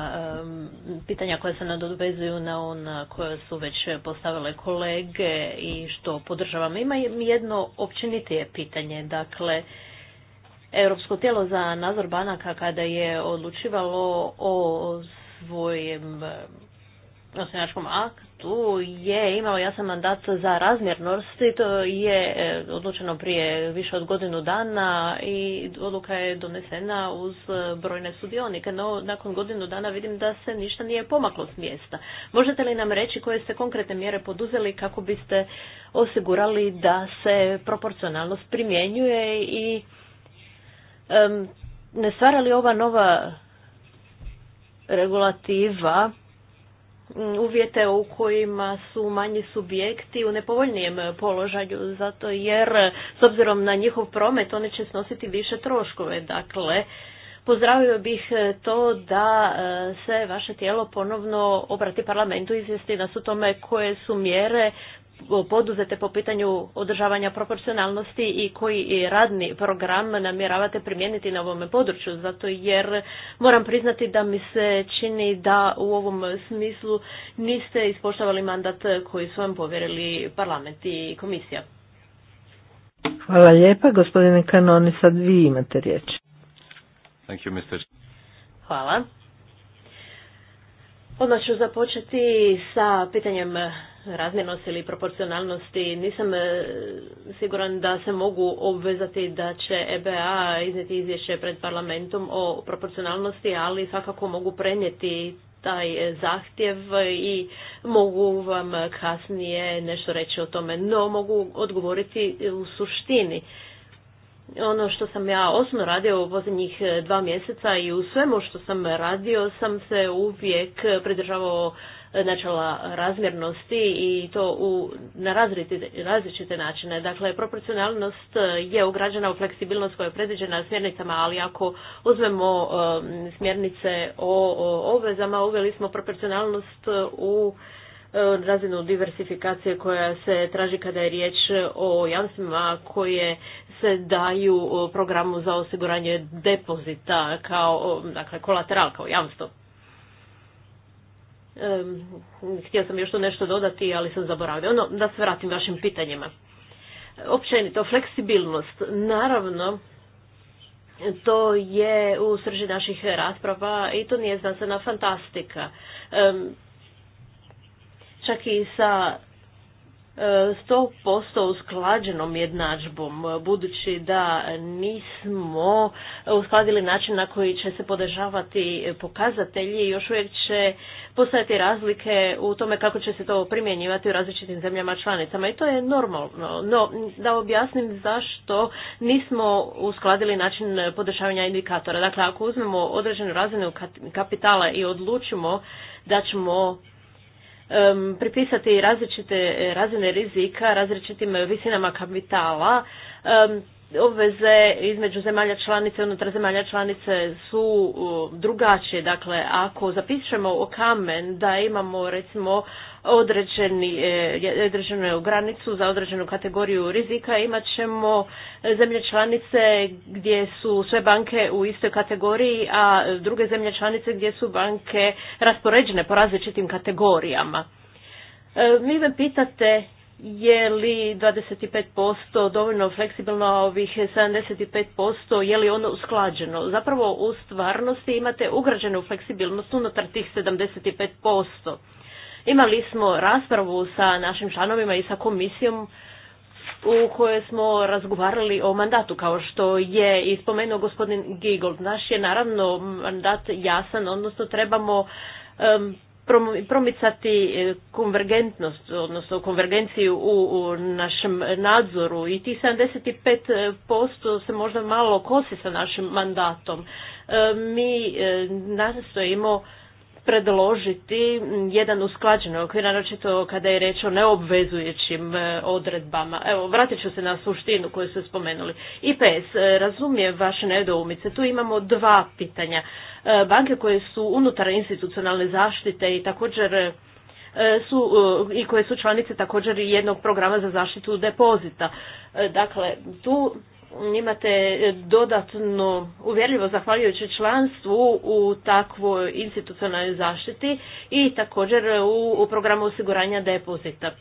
Speaker 2: pitanja koja se nadovezuju na ona koja su već postavile kolege i što podržavam. Ima jedno općenitije pitanje. Dakle, Europsko tijelo za nadzor banaka kada je odlučivalo o svojem osnivačkom aktu, tu je imao jasan mandat za razmjernost i to je e, odlučeno prije više od godinu dana i odluka je donesena uz brojne sudionike, no nakon godinu dana vidim da se ništa nije pomaklo s mjesta. Možete li nam reći koje ste konkretne mjere poduzeli kako biste osigurali da se proporcionalnost primjenjuje i ne stvara li ova nova regulativa Mm, uvjete u kojima su manji subjekti u nepovoljnijem položaju, zato jer s obzirom na njihov promet oni će snositi više troškove. Dakle, pozdravio bih e, to da e, se vaše tijelo ponovno obrati parlamentu i izvijesti nas o tome koje su mjere poduzete po pitanju održavanja proporcionalnosti i koji radni program namjeravate primijeniti na ovome području, zato jer moram priznati da mi se čini da u ovom smislu niste ispoštovali mandat koji su vam povjerili parlament i komisija.
Speaker 3: Hvala lijepa, gospodine Kanoni, sad vi imate riječ.
Speaker 2: Hvala. Odmah ću započeti sa pitanjem razmjernosti ili proporcionalnosti nisam e, siguran da se mogu obvezati da će EBA iznijeti izvješće pred parlamentom o proporcionalnosti, ali svakako mogu prenijeti taj zahtjev i mogu vam kasnije nešto reći o tome, no mogu odgovoriti u suštini. Ono što sam ja osobno radio u posljednjih dva mjeseca i u svemu što sam radio sam se uvijek pridržavao načela razmjernosti i to u, na različite, različite načine. Dakle, proporcionalnost je ugrađena u fleksibilnost koja je predviđena smjernicama, ali ako uzmemo um, smjernice o, o obvezama, uveli smo proporcionalnost u um, razinu diversifikacije koja se traži kada je riječ o jamstvima koje se daju um, programu za osiguranje depozita kao dakle, kolateral, kao jamstvo htio sam još to nešto dodati, ali sam zaboravio. Ono, da se vratim vašim pitanjima. Općenito, fleksibilnost. Naravno, to je u srži naših rasprava i to nije znanstvena fantastika. Čak i sa 100% usklađenom jednadžbom, budući da nismo uskladili način na koji će se podržavati pokazatelji, još uvijek će postojati razlike u tome kako će se to primjenjivati u različitim zemljama članicama i to je normalno. No, da objasnim zašto nismo uskladili način podržavanja indikatora. Dakle, ako uzmemo određenu razinu kapitala i odlučimo da ćemo pripisati različite razine rizika različitim visinama kapitala. Obveze između zemalja članice, unutar zemalja članice su drugačije. Dakle, ako zapišemo o kamen da imamo recimo određeni, e, određenu granicu za određenu kategoriju rizika, imat ćemo e, zemlje članice gdje su sve banke u istoj kategoriji, a druge zemlje članice gdje su banke raspoređene po različitim kategorijama. Mi e, me pitate je li 25% dovoljno fleksibilno, a ovih 75% je li ono usklađeno. Zapravo u stvarnosti imate ugrađenu fleksibilnost unutar tih 75%. Imali smo raspravu sa našim članovima i sa komisijom u kojoj smo razgovarali o mandatu, kao što je ispomenuo gospodin Gigold. Naš je naravno mandat jasan, odnosno trebamo promicati e, konvergentnost, odnosno konvergenciju u, u našem nadzoru i ti 75% se možda malo kosi sa našim mandatom. E, mi e, nastojimo predložiti jedan usklađeni okvir, naročito kada je reč o neobvezujućim e, odredbama. Evo, vratit ću se na suštinu koju ste spomenuli. IPS, e, razumije vaše nedoumice, tu imamo dva pitanja. E, banke koje su unutar institucionalne zaštite i također su i koje su članice također jednog programa za zaštitu depozita. Dakle, tu imate dodatno uvjerljivo zahvaljujući članstvu u takvoj institucionalnoj zaštiti i također u, u programu osiguranja depozita.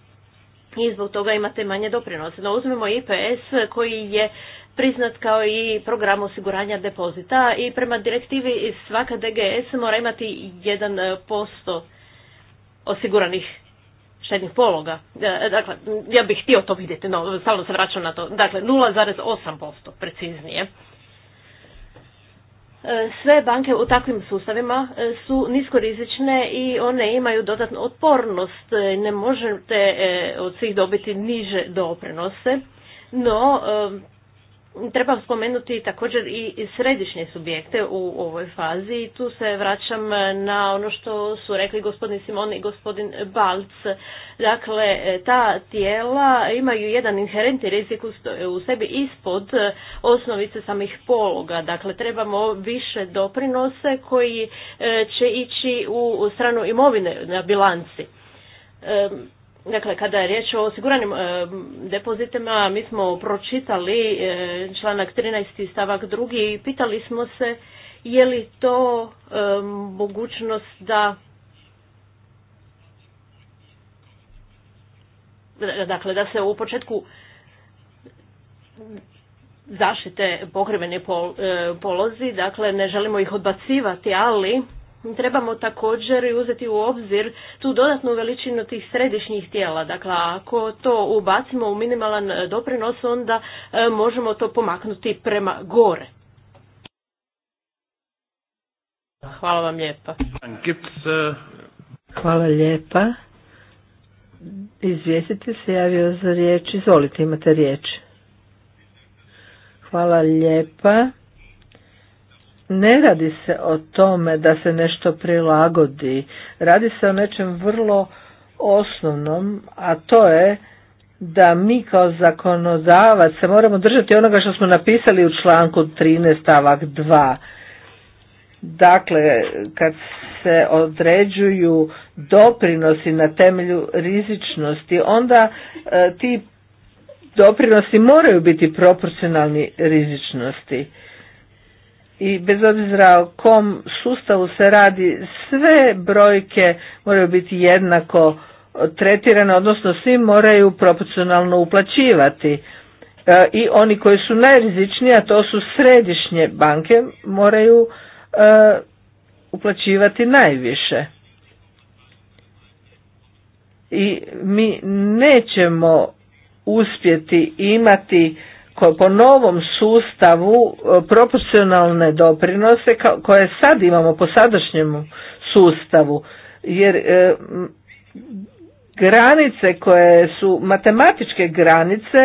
Speaker 2: I zbog toga imate manje doprinose. No uzmemo IPS koji je priznat kao i program osiguranja depozita i prema direktivi svaka DGS mora imati 1% osiguranih štednih pologa. E, dakle, ja bih htio to vidjeti, no stalno se vraćam na to. Dakle, 0,8% preciznije. E, sve banke u takvim sustavima e, su niskorizične i one imaju dodatnu otpornost. Ne možete od svih dobiti niže doprinose, no Trebam spomenuti također i središnje subjekte u ovoj fazi i tu se vraćam na ono što su rekli gospodin Simon i gospodin Balc. Dakle, ta tijela imaju jedan inherentni rizik u sebi ispod osnovice samih pologa. Dakle, trebamo više doprinose koji e, će ići u stranu imovine na bilanci Dakle, kada je riječ o osiguranim e, depozitima, mi smo pročitali e, članak 13. stavak 2. i pitali smo se je li to e, mogućnost da dakle da se u početku zaštite pokrivene polozi, dakle ne želimo ih odbacivati, ali trebamo također uzeti u obzir tu dodatnu veličinu tih središnjih tijela. Dakle, ako to ubacimo u minimalan doprinos, onda e, možemo to pomaknuti prema gore. Hvala vam lijepa.
Speaker 3: Hvala lijepa. se javio za riječ. Izvolite, imate riječ. Hvala lijepa ne radi se o tome da se nešto prilagodi, radi se o nečem vrlo osnovnom, a to je da mi kao zakonodavac se moramo držati onoga što smo napisali u članku 13 stavak 2. Dakle, kad se određuju doprinosi na temelju rizičnosti, onda e, ti doprinosi moraju biti proporcionalni rizičnosti i bez obzira o kom sustavu se radi, sve brojke moraju biti jednako tretirane, odnosno svi moraju proporcionalno uplaćivati. E, I oni koji su najrizičniji, a to su središnje banke, moraju e, uplaćivati najviše. I mi nećemo uspjeti imati po novom sustavu e, proporcionalne doprinose koje sad imamo po sadašnjem sustavu jer e, granice koje su matematičke granice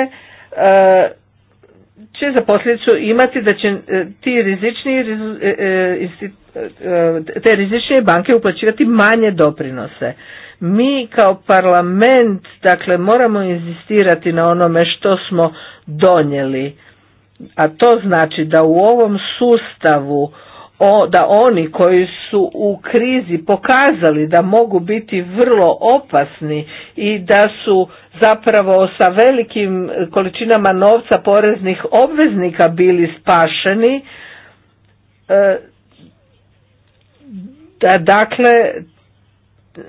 Speaker 3: e, će za posljedicu imati da će ti rizični te rizične banke uplaćivati manje doprinose. Mi kao parlament dakle moramo inzistirati na onome što smo donijeli, a to znači da u ovom sustavu o, da oni koji su u krizi pokazali da mogu biti vrlo opasni i da su zapravo sa velikim količinama novca poreznih obveznika bili spašeni, e, Dakle,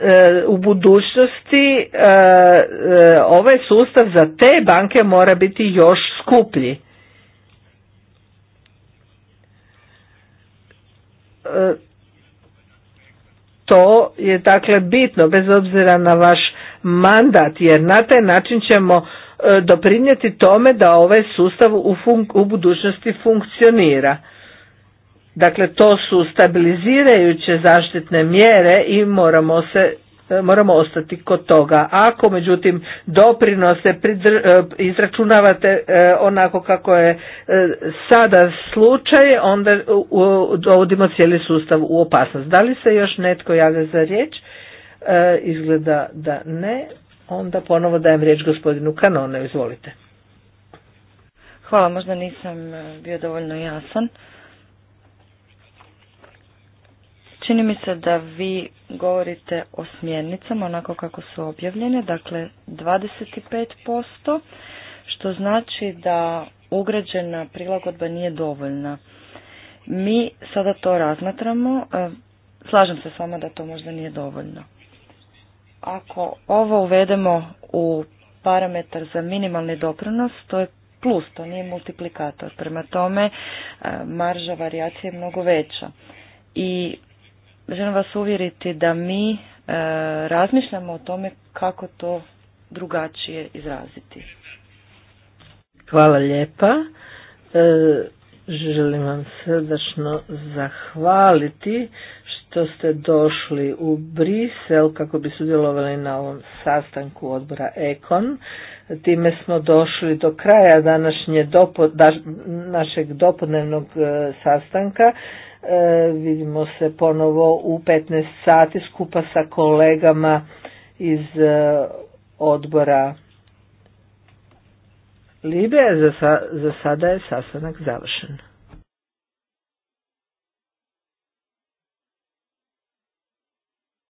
Speaker 3: e, u budućnosti e, e, ovaj sustav za te banke mora biti još skuplji. To je dakle bitno bez obzira na vaš mandat jer na taj način ćemo doprinijeti tome da ovaj sustav u, u budućnosti funkcionira. Dakle, to su stabilizirajuće zaštitne mjere i moramo se e, moramo ostati kod toga. Ako međutim doprinose e, izračunavate e, onako kako je sada slučaj, onda dovodimo cijeli sustav u opasnost. Da li se još netko javlja za riječ? Izgleda da ne. Onda ponovo dajem riječ gospodinu Kanone, izvolite.
Speaker 1: Hvala, možda nisam bio dovoljno jasan. Čini mi se da vi govorite o smjernicama onako kako su objavljene, dakle 25%, što znači da ugrađena prilagodba nije dovoljna. Mi sada to razmatramo, e, slažem se s vama da to možda nije dovoljno. Ako ovo uvedemo u parametar za minimalni doprinos, to je plus, to nije multiplikator. Prema tome, e, marža varijacije je mnogo veća. I želim vas uvjeriti da mi e, razmišljamo o tome kako to drugačije izraziti.
Speaker 3: Hvala lijepa. E, želim vam srdačno zahvaliti što ste došli u Brisel kako bi sudjelovali na ovom sastanku odbora Ekon. Time smo došli do kraja današnje da, našeg dopodnevnog e, sastanka. E, vidimo se ponovo u 15 sati skupa sa kolegama iz e, odbora Libe. Za, za sada je sastanak završen.